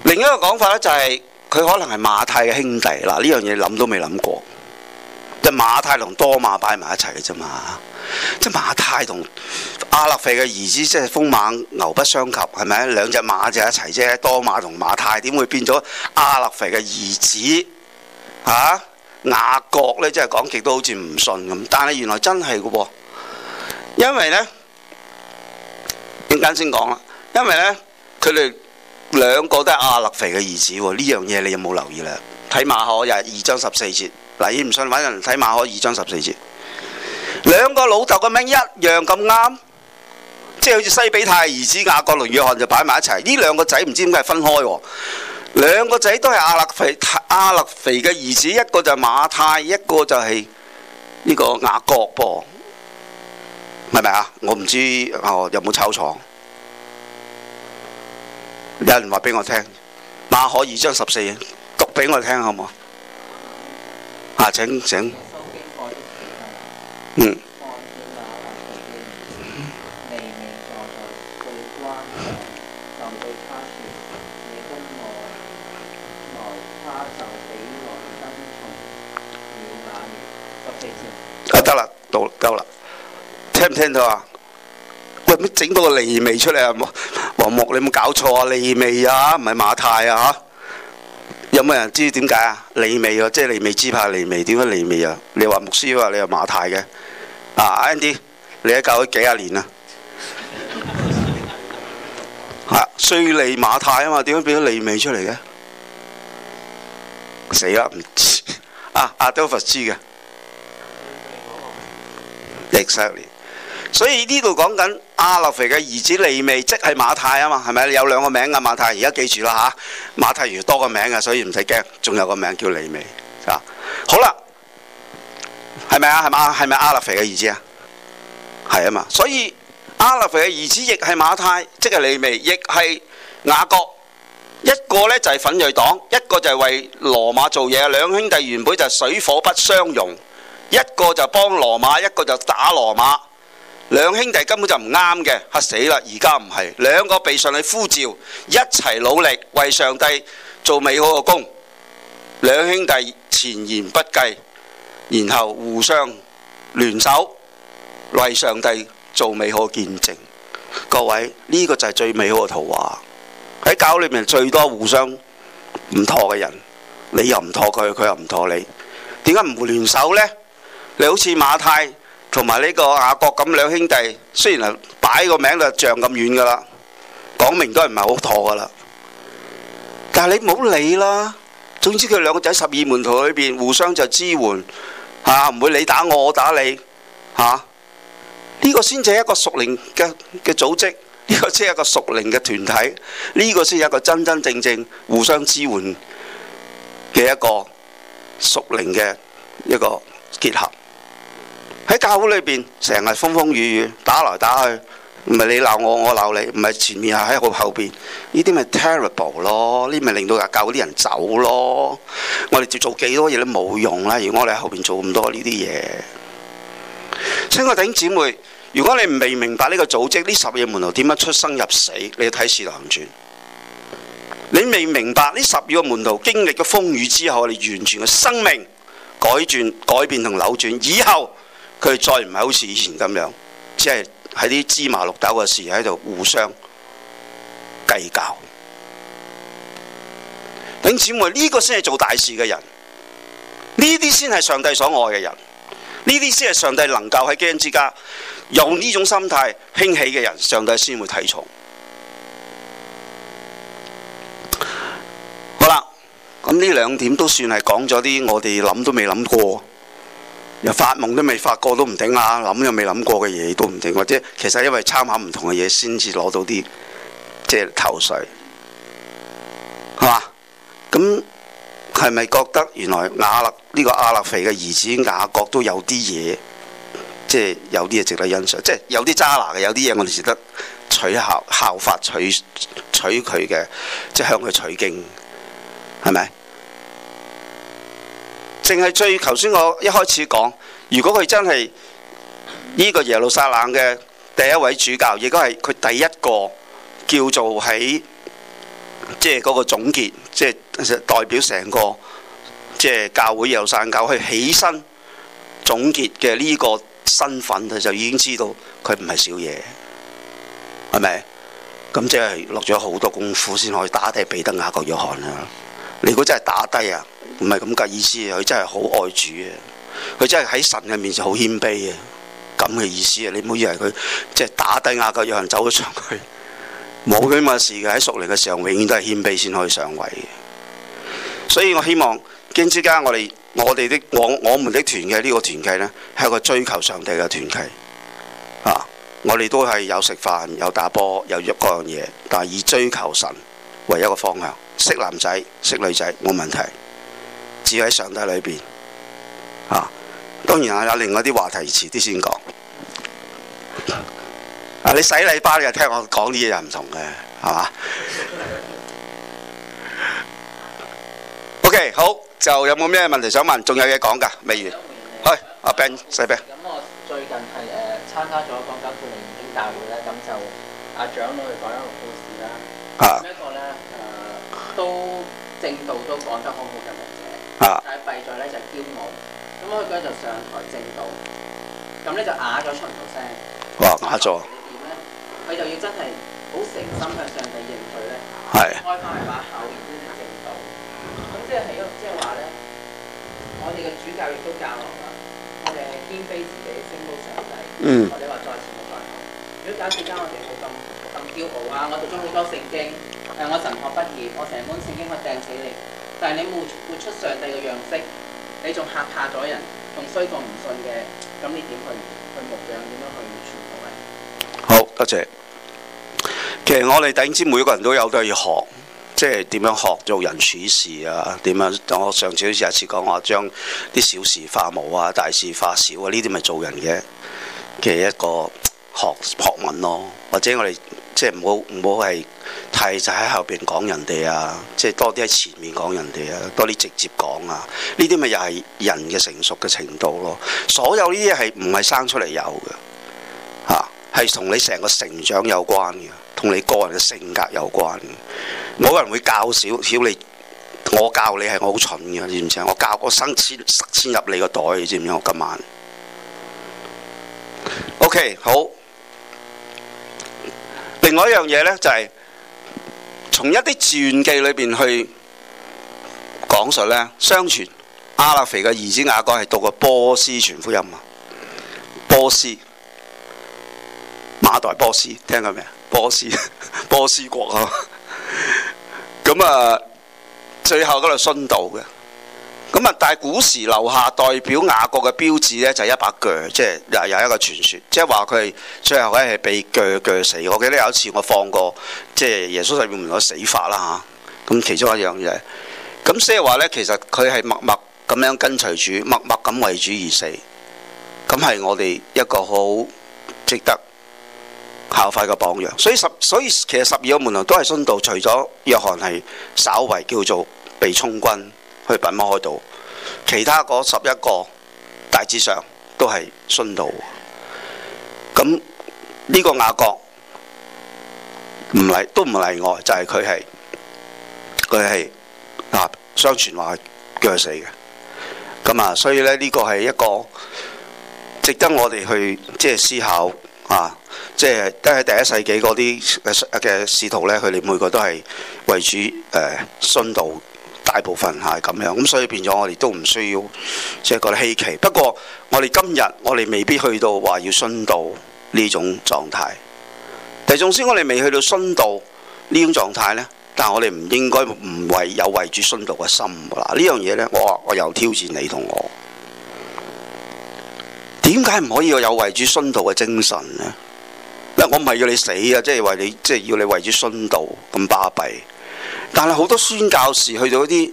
另一個講法咧就係、是、佢可能係馬太嘅兄弟。嗱呢樣嘢諗都未諗過。馬太同多馬擺埋一齊嘅啫嘛，即係馬太同亞勒腓嘅兒子，即係風馬牛不相及，係咪？兩隻馬就一齊啫，多馬同馬太點會變咗亞勒腓嘅兒子？吓雅各呢，即係講極都好似唔信咁，但係原來真係噶，因為呢，陣間先講啦，因為呢，佢哋兩個都係亞勒腓嘅兒子，呢樣嘢你有冇留意呢？睇馬可又係二章十四節。嗱，你唔信揾人睇馬可二章十四節，兩個老豆個名一樣咁啱，即係好似西比泰兒子雅各同約翰就擺埋一齊。呢兩個仔唔知點解分開喎？兩個仔都係亞勒肥亞勒肥嘅兒子，一個就馬太，一個就係呢個雅各噃，係咪啊？我唔知哦，有冇抄錯？有人話俾我聽，馬可二章十四讀俾我哋聽，好唔好？啊！請請。嗯。嗯。利未在做補關，就對他説：你跟我，莫他就幾耐跟從了那十四。啊得啦，到夠啦，聽唔聽到啊？喂，乜整多個利未出嚟啊？黃木你有冇搞錯啊？利未啊，唔係馬太啊嚇。有冇人知點解啊？利未啊？即、就、係、是、利未知怕利未點解利未啊？你話牧師啊，你又馬太嘅啊？Andy，你喺教會幾廿年啊？啊，瑞、 [LAUGHS] 啊、利馬太啊嘛，點樣變到利未出嚟嘅？死啦！唔知。啊，阿多佛知嘅，Exactly。所以呢度講緊亞勒腓嘅兒子利未，即係馬太啊嘛，係咪啊？有兩個名啊，馬太。而家記住啦嚇，馬太如多個名啊，所以唔使驚，仲有個名叫利未啊。好啦，係咪啊？係嘛？係咪亞勒腓嘅兒子啊？係啊嘛。所以亞勒腓嘅兒子亦係馬太，即係利未，亦係雅各。一個呢就係奮銳黨，一個就係為羅馬做嘢。兩兄弟原本就係水火不相容，一個就幫羅馬，一個就打羅馬。兩兄弟根本就唔啱嘅，吓、啊、死啦！而家唔係兩個被上帝呼召，一齊努力為上帝做美好嘅工。兩兄弟前言不繼，然後互相聯手為上帝做美好嘅見證。各位呢、這個就係最美好嘅圖畫，喺教會裏面最多互相唔妥嘅人，你又唔妥佢，佢又唔妥你，點解唔聯手呢？你好似馬太。同埋呢個阿國咁兩兄弟，雖然係擺個名就像咁遠噶啦，講明都係唔係好妥噶啦。但係你唔好理啦。總之佢兩個仔十二門徒裏邊互相就支援嚇，唔、啊、會你打我，我打你嚇。呢、啊這個先至係一個屬靈嘅嘅組織，呢、這個先係一個屬靈嘅團體。呢、這個先係一個真真正正互相支援嘅一個屬靈嘅一個結合。喺教會裏邊，成日風風雨雨打來打去，唔係你鬧我，我鬧你，唔係前面係喺後後邊，呢啲咪 terrible 咯？呢咪令到教會啲人走咯。我哋做做幾多嘢都冇用啦。如果我哋喺後邊做咁多呢啲嘢，所以我哋啲姊妹，如果你未明白呢個組織呢十二個門徒點樣出生入死，你要睇《使徒行傳》。你未明白呢十二個門徒經歷咗風雨之後，你完全嘅生命改轉、改變同扭轉以後。佢再唔係好似以前咁樣，即係喺啲芝麻綠豆嘅事喺度互相計較。弟兄姊妹，呢個先係做大事嘅人，呢啲先係上帝所愛嘅人，呢啲先係上帝能夠喺基恩之家用呢種心態興起嘅人，上帝先會睇重。好啦，咁呢兩點都算係講咗啲我哋諗都未諗過。又發夢都未發過都唔定啊！諗又未諗過嘅嘢都唔定。或者其實因為參考唔同嘅嘢，先至攞到啲即係頭緒，係嘛？咁係咪覺得原來亞勒呢、呢個亞勒腓嘅兒子雅各都有啲嘢，即係有啲嘢值得欣賞，即係有啲渣男嘅，有啲嘢我哋值得取效效法取取佢嘅，即係向佢取經，係咪？淨係最頭先，我一開始講，如果佢真係呢個耶路撒冷嘅第一位主教，亦都係佢第一個叫做喺即係嗰個總結，即係代表成個即係教會有散教，佢起身總結嘅呢個身份，佢就已經知道佢唔係小嘢，係咪？咁即係落咗好多功夫先可以打低彼得、雅各、約翰啊！你估真係打低啊～唔係咁嘅意思，佢真係好愛主啊！佢真係喺神嘅面前好謙卑嘅咁嘅意思啊！你唔好以為佢即係打低亞有人走咗上去，冇咁嘅事嘅。喺屬靈嘅時候，永遠都係謙卑先可以上位嘅。所以我希望基恩之家我哋我哋的我我們的團嘅呢、這個團契呢，係一個追求上帝嘅團契啊！我哋都係有食飯、有打波、有約各樣嘢，但係以追求神為一個方向。識男仔、識女仔冇問題。只喺上帝裏邊嚇，當然啊，有另外啲話題，遲啲先講。啊，你洗禮班嘅聽我講啲嘢又唔同嘅，係嘛？OK，好，就有冇咩問題想問？仲有嘢講㗎未完？係，阿 Ben，細 Ben。咁我最近係誒參加咗講緊顧名研究大會咧，咁就阿長都去講一個故事啦。係。呢個咧，誒，都正道都講得好好。但係弊在咧就驕傲，咁我佢就上台正道，咁咧就啞咗出唔到聲。哇！啞咗。佢就要真係好誠心向上帝認佢。咧。係。開翻係把口嚟敬道，咁即係係即係話咧，我哋嘅主教亦都教我啦，我哋係謙卑自己，升高上帝。嗯。我哋話再次冇再錯。如果假設一時間我哋冇咁咁驕傲啊，我讀咗好多聖經，誒我神學畢業，我成本聖經我掟死你。但係你冇活出上帝嘅樣式，你仲嚇怕咗人，仲衰過唔信嘅，咁你點去去模樣？點樣去傳道咧？好多謝。其實我哋頂知每個人都有都要學，即係點樣學做人處事啊？點樣？我上次好似一次講話，將啲小事化冇啊，大事化小啊，呢啲咪做人嘅嘅一個學學問咯，或者我哋。即係唔好唔好係太就喺後邊講人哋啊，即係多啲喺前面講人哋啊，多啲直接講啊。呢啲咪又係人嘅成熟嘅程度咯。所有呢啲係唔係生出嚟有嘅？吓，係同你成個成長有關嘅，同你個人嘅性格有關嘅。冇人會教小小你，我教你係我好蠢嘅，你知唔知啊？我教我生千塞入你個袋，你知唔知我今晚。OK，好。另外一樣嘢呢，就係、是、從一啲傳記裏邊去講述呢，相傳亞勒腓嘅兒子雅各係到過波斯傳福音啊，波斯馬代波斯聽過未啊？波斯波斯國嗬，咁啊，最後嗰度殉道嘅。咁啊！但係古時留下代表雅各嘅標誌呢，就係、是、一把鋸，即係又有一個傳説，即係話佢最後咧係被鋸鋸死。我記得有一次我放過，即係耶穌十二門徒死法啦嚇。咁、啊、其中一樣嘢、就是，咁所以話呢，其實佢係默默咁樣跟隨主，默默咁為主而死，咁係我哋一個好值得效法嘅榜樣。所以十所以其實十二個門徒都係殉道，除咗約翰係稍為叫做被充軍，去品摩開道，其他嗰十一個大致上都係殉道。咁呢、這個雅各唔嚟都唔例外，就係佢係佢係啊，相傳話鋸死嘅。咁啊，所以咧呢、這個係一個值得我哋去即係思考啊，即係喺第一世紀嗰啲嘅使徒咧，佢哋每個都係為主誒殉、呃、道。大部分係咁樣，咁所以變咗我哋都唔需要即係覺得稀奇。不過我哋今日我哋未必去到話要殉道呢種狀態。但總之我哋未去到殉道呢種狀態呢。但係我哋唔應該唔為有為主殉道嘅心啦。呢樣嘢呢，我話我又挑戰你同我，點解唔可以有為主殉道嘅精神呢？因為我唔係要你死啊，即係為你，即係要你為主殉道咁巴閉。但係好多宣教士去到一啲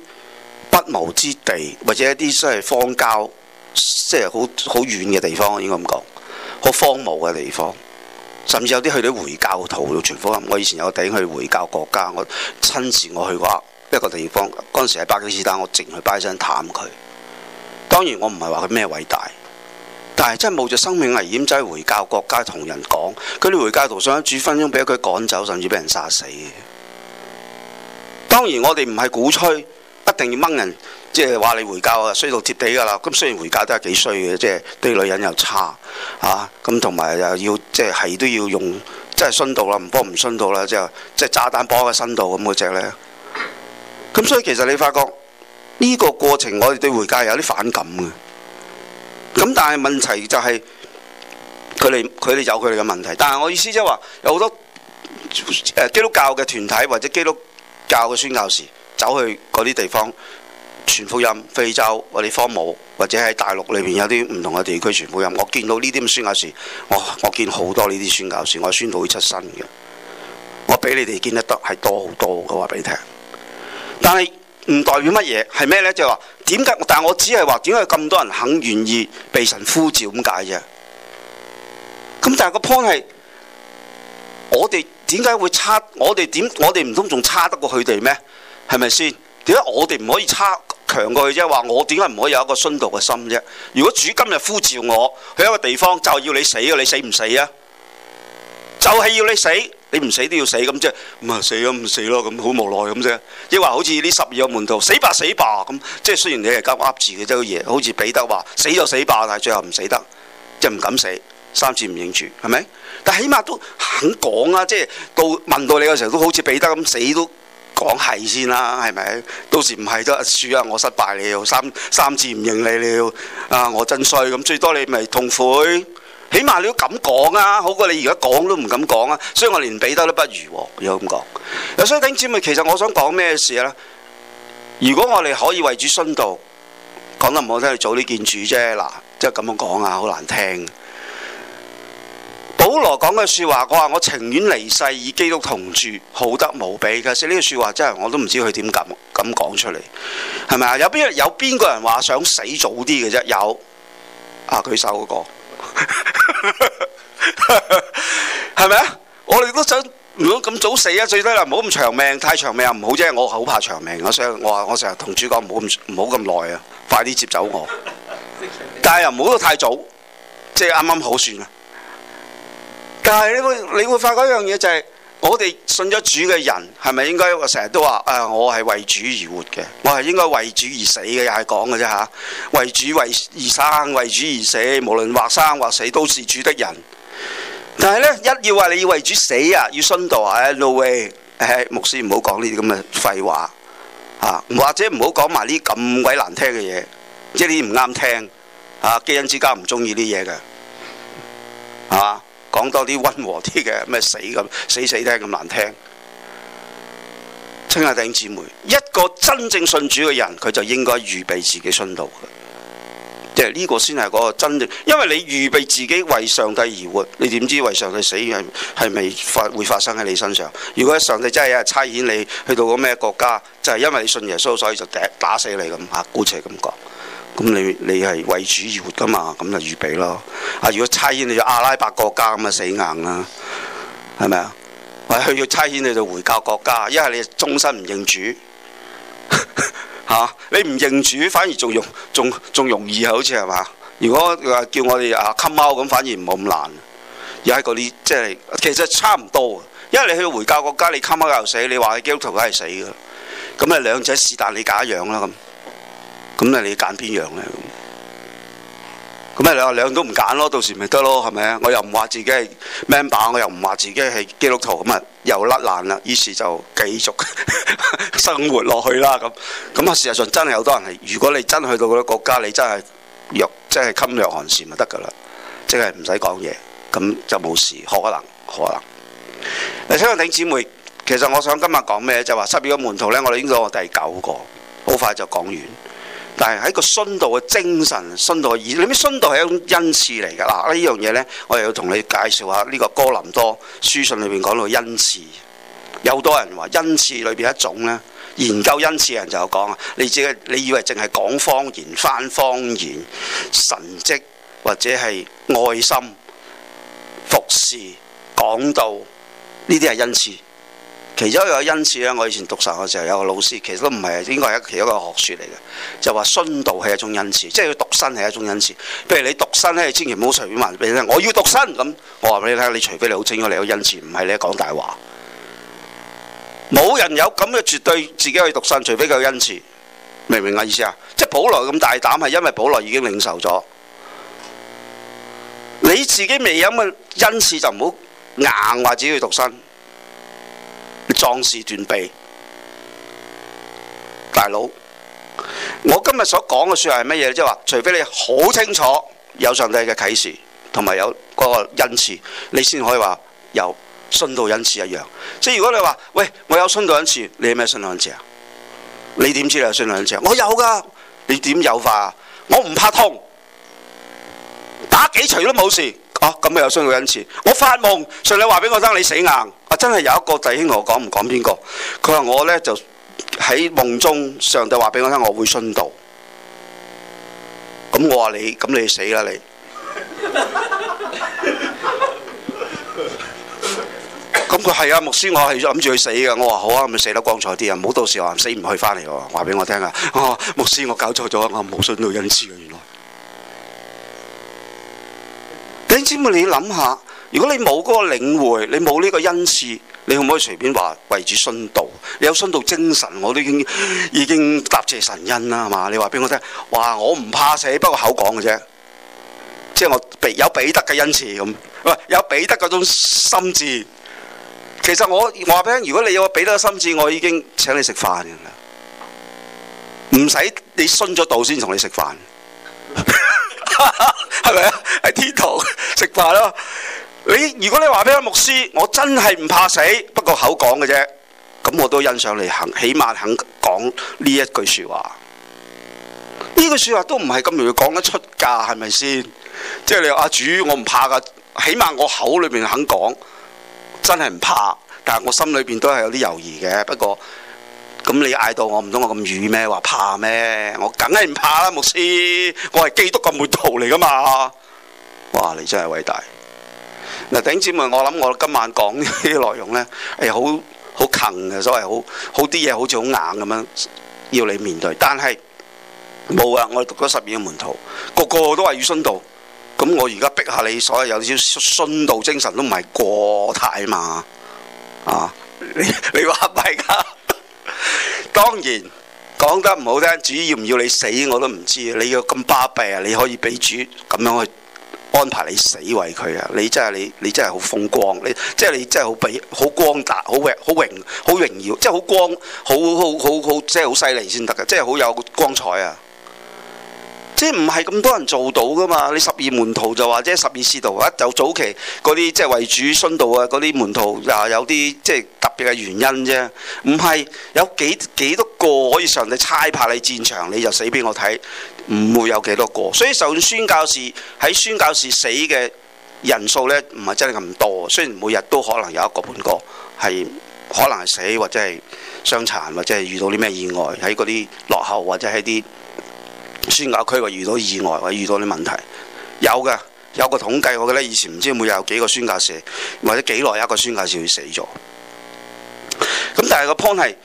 不毛之地，或者一啲即係荒郊，即係好好遠嘅地方，應該咁講，好荒蕪嘅地方。甚至有啲去到回教徒度傳福音。我以前有頂去回教國家，我親自我去過一個地方，嗰陣時係巴基斯坦，我淨去拜山探佢。當然我唔係話佢咩偉大，但係真係冒着生命危險走去回教國家同人講，佢哋回教徒想煮分鐘俾佢趕走，甚至俾人殺死。當然我哋唔係鼓吹，一定要掹人，即係話你回教啊衰到貼地㗎啦。咁雖然回教都係幾衰嘅，即係對女人又差啊，咁同埋又要即係係都要用，即係殉道啦，唔幫唔殉道啦，即係即係炸彈綁喺身度咁嗰隻咧。咁所以其實你發覺呢、這個過程，我哋對回教係有啲反感嘅。咁、嗯、但係問題就係佢哋佢哋有佢哋嘅問題。但係我意思即係話有好多、呃、基督教嘅團體或者基督。教嘅宣教士走去嗰啲地方傳福音，非洲或者荒漠，或者喺大陸裏邊有啲唔同嘅地區傳福音。我見到呢啲咁宣教士，我我見好多呢啲宣教士，我宣道會出身嘅，我比你哋見得多係多好多，我話俾你聽。但係唔代表乜嘢？係咩呢？就係話點解？但係我只係話點解咁多人肯願意被神呼召咁解啫？咁但係個 point 係我哋。點解會差？我哋點？我哋唔通仲差得過佢哋咩？係咪先？點解我哋唔可以差強過佢啫？話我點解唔可以有一個殉道嘅心啫？如果主今日呼召我去一個地方，就要你死嘅，你死唔死啊？就係要你死，你唔死都要死咁啫。咁啊，死咁唔死咯，咁好無奈咁啫。亦話好似呢十二個門徒，死吧死吧咁。即係雖然你係金噏住嘅，即係好似彼得話：死就死吧，但係最後唔死得，即係唔敢死，三次唔認住，係咪？但起碼都肯講啊，即係到問到你嘅時候，都好似彼得咁死都講係先啦、啊，係咪？到時唔係都啊輸啊！我失敗了」，「三三次唔認你了啊！我真衰，咁最多你咪痛悔。起碼你都咁講啊，好過你而家講都唔敢講啊！所以我連彼得都不如喎、啊，要咁講。所以頂尖咪其實我想講咩事啊？如果我哋可以為主殉道，講得唔好聽，早啲見主啫。嗱，即係咁樣講啊，好難聽。保羅講嘅說話，我話我情願離世，以基督同住，好得無比嘅。其實呢句說話真係，我都唔知佢點敢咁講出嚟，係咪啊？有邊有邊個人話想死早啲嘅啫？有啊，舉手嗰個，係咪啊？我哋都想如果咁早死啊！最低就唔好咁長命，太長命又唔好啫。我好怕長命，我想我話我成日同主講唔好唔好咁耐啊，快啲接走我。但係又唔好得太早，即係啱啱好算啦。但係你會，你會發覺一樣嘢就係、是呃，我哋信咗主嘅人係咪應該我成日都話，誒我係為主而活嘅，我係應該為主而死嘅，又係講嘅啫嚇，為主為而生，為主而死，無論或生或死都是主的人。但係呢，一要話你要為主死啊，要殉道啊，誒，no way，、哎、牧師唔好講呢啲咁嘅廢話嚇、啊，或者唔好講埋啲咁鬼難聽嘅嘢，即係你唔啱聽嚇、啊，基恩之家唔中意啲嘢嘅，係、啊、嘛？講多啲溫和啲嘅，咩死咁死死聽咁難聽。親愛的弟兄姊妹，一個真正信主嘅人，佢就應該預備自己信道嘅，即係呢個先係嗰個真正。因為你預備自己為上帝而活，你點知為上帝死係係咪發會發生喺你身上？如果上帝真係有人差遣你去到個咩國家，就係、是、因為你信耶穌，所以就打打死你咁啊，姑且咁講。姑且咁你你係為主而活噶嘛。咁就預備咯。啊，如果差遣你就阿拉伯國家咁啊死硬啦，係咪啊？或去要差遣你就回教國家，一係你終身唔認主嚇、 [LAUGHS] 啊，你唔認主反而仲容仲仲容易啊？好似係嘛？如果話、呃、叫我哋啊 come out 咁，out, 反而唔好咁難。而喺嗰啲即係其實差唔多，因為你去回教國家你 come out 又死，你話你基督徒梗係死噶。咁啊兩者是但你揀一樣啦咁。咁啊！你揀邊樣咧？咁啊，兩兩都唔揀咯，到時咪得咯，係咪啊？我又唔話自己係 member，我又唔話自己係基督徒咁啊，又甩難啦。於是就繼續 [LAUGHS] 生活落去啦。咁咁啊，事實上真係有多人係。如果你真去到嗰啲國家，你真係若即係噤若寒蟬就得㗎啦，即係唔使講嘢，咁就冇事，可能可能。誒，請問弟兄姊妹，其實我想今日講咩就話、是、十二個門徒咧，我哋應該係第九個，好快就講完。但係喺個殉道嘅精神、殉道嘅意義，你知唔知殉道係一種恩賜嚟㗎？嗱，呢樣嘢咧，我又要同你介紹下呢個哥林多書信裏邊講到嘅恩賜。有好多人話恩賜裏邊一種咧，研究恩賜嘅人就有講啊，你自己你以為淨係講方言、翻方言、神蹟或者係愛心、服侍、講道呢啲係恩賜。其中又有恩賜咧。我以前讀神嘅時候有個老師，其實都唔係，應該係其中一個學説嚟嘅，就話殉道係一種恩賜，即係要獨身係一種恩賜。譬如你獨身咧，你千祈唔好隨便話俾你聽，我要獨身咁。我話俾你聽，你除非你好清楚你有恩賜，唔係你一講大話。冇人有咁嘅絕對自己去獨身，除非佢有恩賜，明唔明我意思啊？即係保羅咁大膽，係因為保羅已經領受咗。你自己未有乜恩賜，就唔好硬話自己要獨身。壯士斷臂，大佬，我今日所講嘅説話係乜嘢？即係話，除非你好清楚有上帝嘅啟示同埋有嗰個恩賜，你先可以話有信到恩賜一樣。即係如果你話喂，我有信到恩賜，你有咩信到恩賜啊？你點知你有信到恩賜啊？我有噶，你點有法啊？我唔怕痛，打幾錘都冇事啊！咁你有信到恩賜。我發夢，上帝話俾我聽，你死硬。啊！真係有一個弟兄同我講唔講邊個？佢話我咧就喺夢中，上帝話俾我聽，我會殉道。咁我話你，咁你死啦你！咁佢係啊牧師，我係諗住去死嘅。我話好啊，咁死得光彩啲啊！唔好到時候話死唔去翻嚟喎，話俾我聽啊！哦，牧師，我搞錯咗，我冇殉道恩師啊，原來。你先咪你諗下。如果你冇嗰個領會，你冇呢個恩賜，你可唔可以隨便話為主殉道？你有殉道精神，我都已經已經答謝神恩啦，係嘛？你話俾我聽，哇！我唔怕死，不過口講嘅啫，即係我有彼得嘅恩賜咁。喂，有彼得嗰種心智。其實我話俾你聽，如果你有彼得嘅心智，我已經請你食飯㗎啦，唔使你殉咗道先同你食飯，係咪啊？喺天堂食飯咯～你如果你話俾阿牧師，我真係唔怕死，不過口講嘅啫。咁我都欣賞你肯，起碼肯講呢一句説話。呢句説話都唔係咁容易講得出噶，係咪先？即係你話阿主，我唔怕噶，起碼我口裏邊肯講，真係唔怕。但係我心裏邊都係有啲猶豫嘅。不過咁你嗌到我唔通我咁愚咩？話怕咩？我梗係唔怕啦，牧師，我係基督嘅門徒嚟噶嘛。哇！你真係偉大。嗱，頂姐妹，我諗我今晚講呢啲內容呢，係好好近嘅，所謂好好啲嘢，好似好，好硬咁樣要你面對。但係冇啊，我讀咗十二個門徒，個個都話，要殉道，咁我而家逼下你，所謂有啲啲殉道精神都唔係過態嘛啊？你你話唔係噶？ [LAUGHS] 當然講得唔好聽，主要唔要你死我都唔知。你要咁巴閉啊？你可以俾主咁樣去。安排你死為佢啊！你真係，你，你真係好風光，你即係，真你真係好比好光達，好榮好榮，好榮耀，即係好光，好好好好即係好犀利先得嘅，即係好有光彩啊！即係唔係咁多人做到㗎嘛？你十二門徒就話，即或者十二使徒啊，就早期嗰啲即係為主殉道啊嗰啲門徒啊，有啲即係特別嘅原因啫。唔係有幾幾多個可以上帝猜怕你戰場，你就死俾我睇，唔會有幾多個。所以就算宣教士喺宣教士死嘅人數呢，唔係真係咁多。雖然每日都可能有一個半個係可能係死或者係傷殘或者係遇到啲咩意外喺嗰啲落後或者喺啲。宣教區或遇到意外或者遇到啲問題，有嘅有個統計，我覺得以前唔知每日有幾個宣教士，或者幾耐一個宣教士會死咗。咁但係個 point 係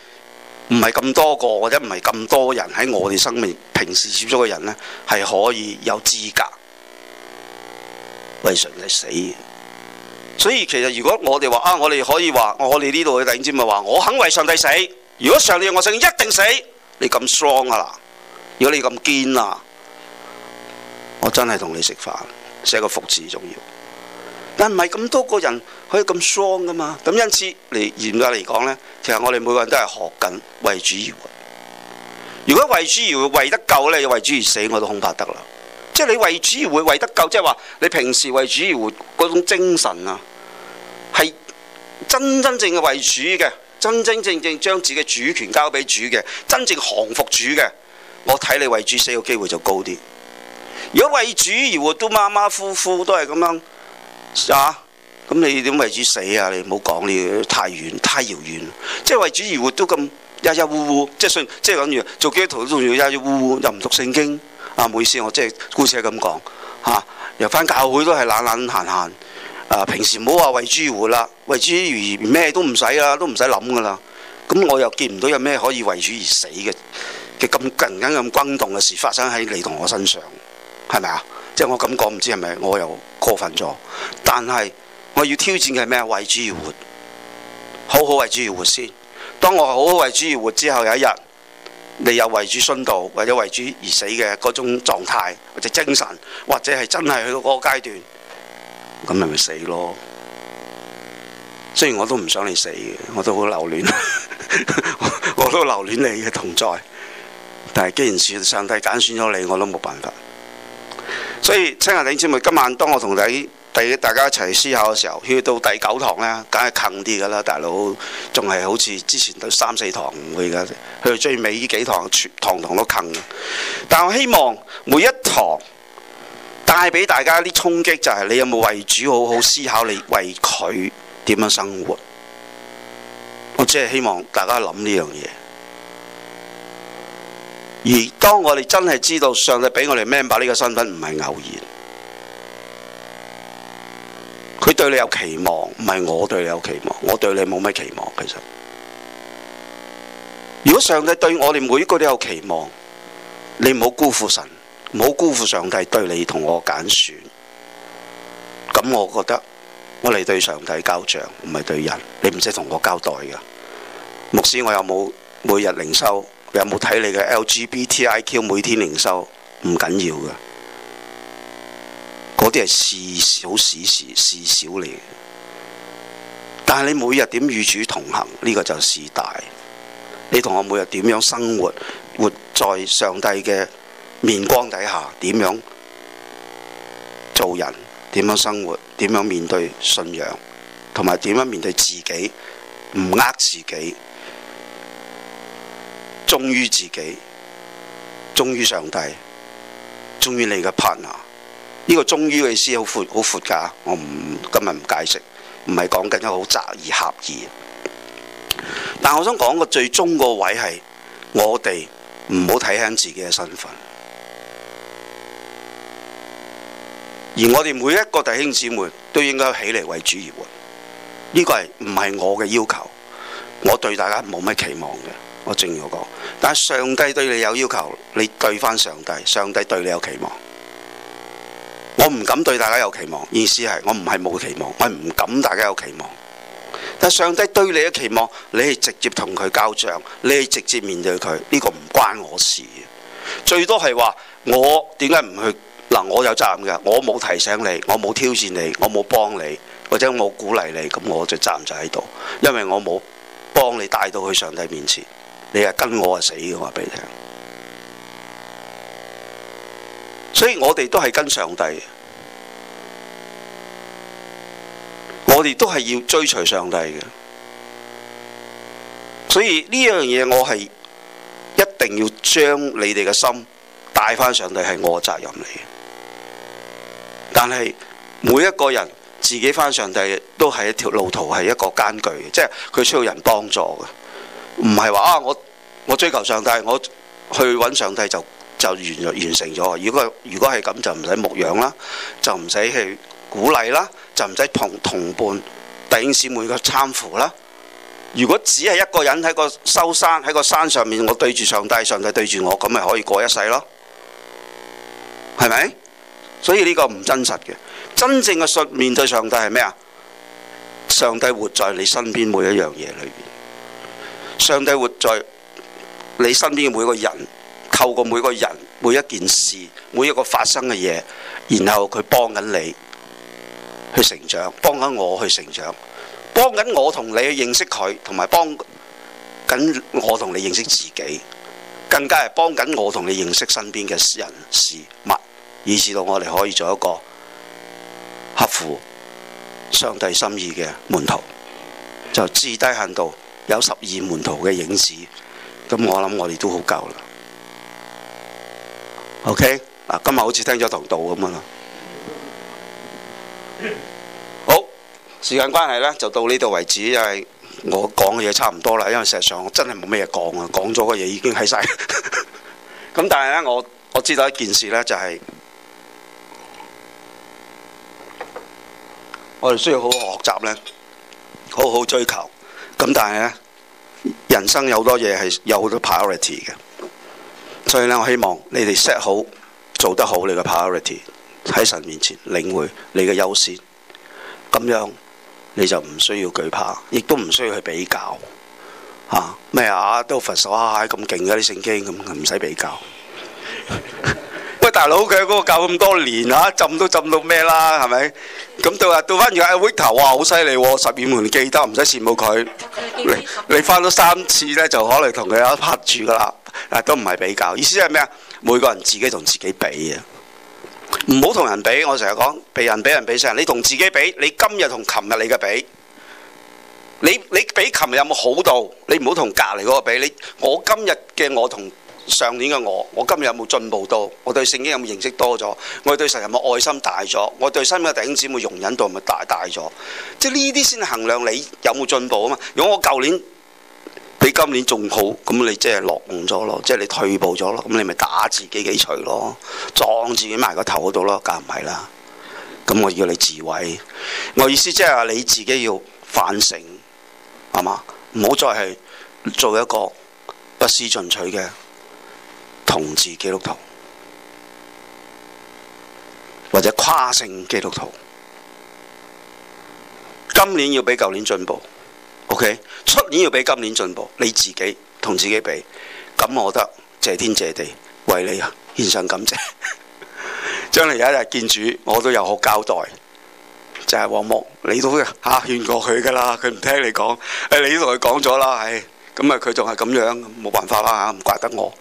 唔係咁多個或者唔係咁多人喺我哋生命平時接觸嘅人呢？係可以有資格為上帝死。所以其實如果我哋話啊，我哋可以話我哋呢度嘅弟兄咪話我肯為上帝死。如果上帝讓我想一定死。你咁 strong 啊啦！如果你咁堅啦，我真係同你食飯，寫個服字仲要，但唔係咁多個人可以咁 strong 噶嘛。咁因此嚟嚴格嚟講咧，其實我哋每個人都係學緊為主而活。如果為主而活，為得夠咧，為主而死我都恐怕得啦。即係你為主而活，為得夠，即係話你平時為主而活嗰種精神啊，係真真正正為主嘅，真真正正將自己主權交俾主嘅，真正降服主嘅。我睇你為主死嘅機會就高啲，如果為主而活都馬馬虎虎，都係咁樣，啊，咁你點為主死啊？你唔好講你太遠太遙遠，即係為主而活都咁憂憂鬱鬱，即係即係咁樣做基督徒都仲要憂憂鬱鬱，又唔讀聖經，啊，唔好意思，我即係姑且咁講，嚇，啊，又翻教會都係懶懶閒閒，啊，平時唔好話為主而活啦，為主而咩都唔使啦，都唔使諗噶啦，咁我又見唔到有咩可以為主而死嘅。嘅咁突然間咁轟動嘅事發生喺你同我身上，係咪啊？即係我咁講，唔知係咪我又過分咗？但係我要挑戰嘅係咩？為主而活，好好為主而活先。當我好好為主而活之後，有一日你又為主殉道或者為主而死嘅嗰種狀態或者精神，或者係真係去到嗰個階段，咁咪咪死咯。雖然我都唔想你死嘅，我都好留戀， [LAUGHS] 我都留戀你嘅同在。但係，既然是上帝揀選咗你，我都冇辦法。所以，親愛的姊妹，今晚當我同第第大家一齊思考嘅時候，去到第九堂呢，梗係坑啲噶啦，大佬仲係好似之前都三四堂唔，而家去最尾呢幾堂全，堂堂都坑。但我希望每一堂帶俾大家啲衝擊就係、是，你有冇為主好好思考，你為佢點樣生活？我只係希望大家諗呢樣嘢。而當我哋真係知道上帝畀我哋 member 呢個身份唔係偶然，佢對你有期望，唔係我對你有期望，我對你冇咩期望其實。如果上帝對我哋每一個都有期望，你唔好辜負神，唔好辜負上帝對你同我揀選、選。咁我覺得我哋對上帝交賬，唔係對人。你唔使同我交代㗎，牧師我又冇每日靈修。你有冇睇你嘅 LGBTIQ 每天零售唔緊要嘅，嗰啲係事小，事事事小嚟。但係你每日點與主同行呢個就事大。你同我每日點樣生活，活在上帝嘅面光底下，點樣做人，點樣生活，點樣面對信仰，同埋點樣面對自己，唔呃自己。忠於自己，忠於上帝，忠於你嘅 partner。呢個忠於嘅意思好闊，好闊噶。我唔今日唔解釋，唔係講緊一個好窄而狹義，但我想講嘅最終個位係我哋唔好睇輕自己嘅身份，而我哋每一個弟兄姊妹都應該起嚟為主而活。呢個係唔係我嘅要求？我對大家冇咩期望嘅。我正要我講，但上帝對你有要求，你對翻上帝。上帝對你有期望，我唔敢對大家有期望。意思係我唔係冇期望，我係唔敢大家有期望。但上帝對你嘅期望，你係直接同佢交賬，你係直接面對佢。呢個唔關我事，最多係話我點解唔去嗱、呃？我有責任嘅，我冇提醒你，我冇挑戰你，我冇幫你或者我冇鼓勵你，咁我就站咗喺度，因為我冇幫你帶到去上帝面前。你係跟我係死嘅，我話俾你聽。所以我哋都係跟上帝嘅。我哋都係要追隨上帝嘅。所以呢樣嘢，我係一定要將你哋嘅心帶翻上帝，係我責任嚟嘅。但係每一個人自己翻上帝都係一條路途，係一個艱巨嘅，即係佢需要人幫助嘅。唔係話啊！我我追求上帝，我去搵上帝就就完完成咗。如果如果係咁，就唔使牧養啦，就唔使去鼓勵啦，就唔使同同伴弟兄姊妹個攙扶啦。如果只係一個人喺個修山喺個山上面，我對住上帝，上帝對住我，咁咪可以過一世咯？係咪？所以呢個唔真實嘅。真正嘅信面對上帝係咩啊？上帝活在你身邊，每一樣嘢裏邊。上帝活在你身邊嘅每個人，透過每個人、每一件事、每一個發生嘅嘢，然後佢幫緊你去成長，幫緊我去成長，幫緊我同你去認識佢，同埋幫緊我同你認識自己，更加係幫緊我同你認識身邊嘅人事物，以至到我哋可以做一個合乎上帝心意嘅門徒，就至低限度，有十二門徒嘅影子，咁我諗我哋都好夠啦。OK，嗱，今日好似聽咗堂道咁樣啦。好，時間關係呢，就到呢度為止，因為我講嘅嘢差唔多啦，因為事實上我真係冇咩嘢講啊，講咗嘅嘢已經喺曬。咁但係呢，我我知道一件事呢，就係我哋需要好好學習呢，好好追求。咁但係咧，人生有好多嘢係有好多 priority 嘅，所以咧我希望你哋 set 好，做得好你個 priority，喺神面前領會你嘅優先，咁樣你就唔需要懼怕，亦都唔需要去比較啊咩啊都佛手蟹咁勁嘅啲聖經咁，唔使比較。啊。大佬佢嗰個教咁多年嚇、啊，浸都浸到咩啦？係咪？咁到日到翻完阿、啊、Victor 哇，好犀利，十二門記得，唔使羨慕佢。 [LAUGHS] 你翻咗三次呢，就可能同佢有一拍住噶啦。但、啊、都唔係比較，意思係咩啊？每個人自己同自己比啊，唔好同人比。我成日講，被人比人比上，你同自己比，你今日同琴日你嘅比，你你比琴日有冇好到？你唔好同隔離嗰個比。你我今日嘅我同。上年嘅我，我今日有冇進步到？我對聖經有冇認識多咗？我對神有冇愛心大咗？我對身邊嘅弟兄姊妹容忍度係咪大大咗？即係呢啲先衡量你有冇進步啊嘛。如果我舊年比今年仲好，咁你即係落伍咗咯，即係你退步咗咯，咁你咪打自己幾錘咯，撞自己埋個頭度咯，梗係唔係啦？咁我叫你自慰，我意思即係話你自己要反省係嘛，唔好再係做一個不思進取嘅。同志基督徒或者跨性基督徒，今年要比舊年進步，O K，出年要比今年進步。你自己同自己比咁，我得謝天謝地，為你啊，獻上感謝。將 [LAUGHS] 來有一日見主，我都有好交代。就係黃木，你都吓勸、啊、過佢噶啦，佢唔聽你講，誒，你都同佢講咗啦，唉，咁啊，佢仲係咁樣，冇辦法啦吓，唔怪得我。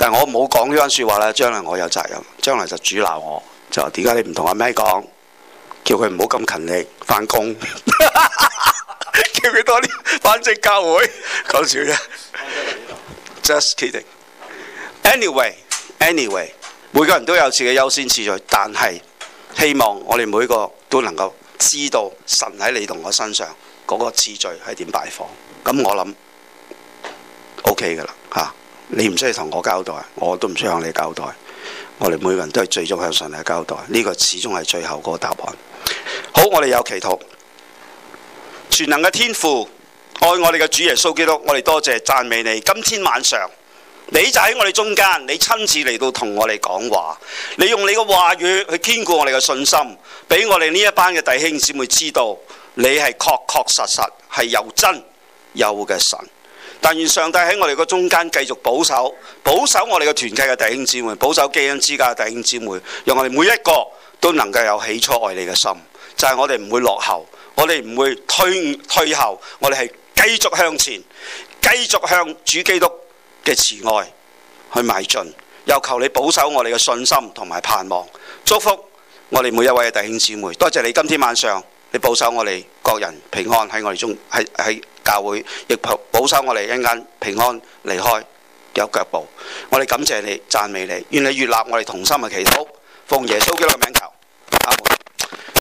但係我冇講呢番説話啦，將來我有責任，將來就主鬧我，就話點解你唔同阿 May 講，叫佢唔好咁勤力翻工， [LAUGHS] [LAUGHS] 叫佢多啲翻正教會，講笑啫，just kidding anyway。Anyway，anyway，每個人都有自己優先次序，但係希望我哋每個都能夠知道神喺你同我身上嗰、嗰個次序係點擺放。咁我諗 OK 㗎啦，嚇、啊。你唔需要同我交代，我都唔需要向你交代。我哋每個人都係最終向上帝交代，呢、這個始終係最後嗰個答案。好，我哋有祈禱，全能嘅天父，愛我哋嘅主耶穌基督，我哋多謝讚美你。今天晚上，你就喺我哋中間，你親自嚟到同我哋講話，你用你嘅話語去堅固我哋嘅信心，俾我哋呢一班嘅弟兄姊妹知道，你係確確實實係又真又嘅神。但願上帝喺我哋個中間繼續保守，保守我哋嘅團契嘅弟兄姊妹，保守基恩之家嘅弟兄姊妹，讓我哋每一個都能夠有起初愛你嘅心，就係、是、我哋唔會落後，我哋唔會退退後，我哋係繼續向前，繼續向主基督嘅慈愛去邁進。又求你保守我哋嘅信心同埋盼望，祝福我哋每一位嘅弟兄姊妹。多謝，謝你今天晚上，你保守我哋各人平安喺我哋中，喺喺教會亦保守我哋一陣間平安離開，有腳步，我哋感謝你讚美你，願你悅納我哋同心嘅祈禱，奉耶穌基督嘅名求。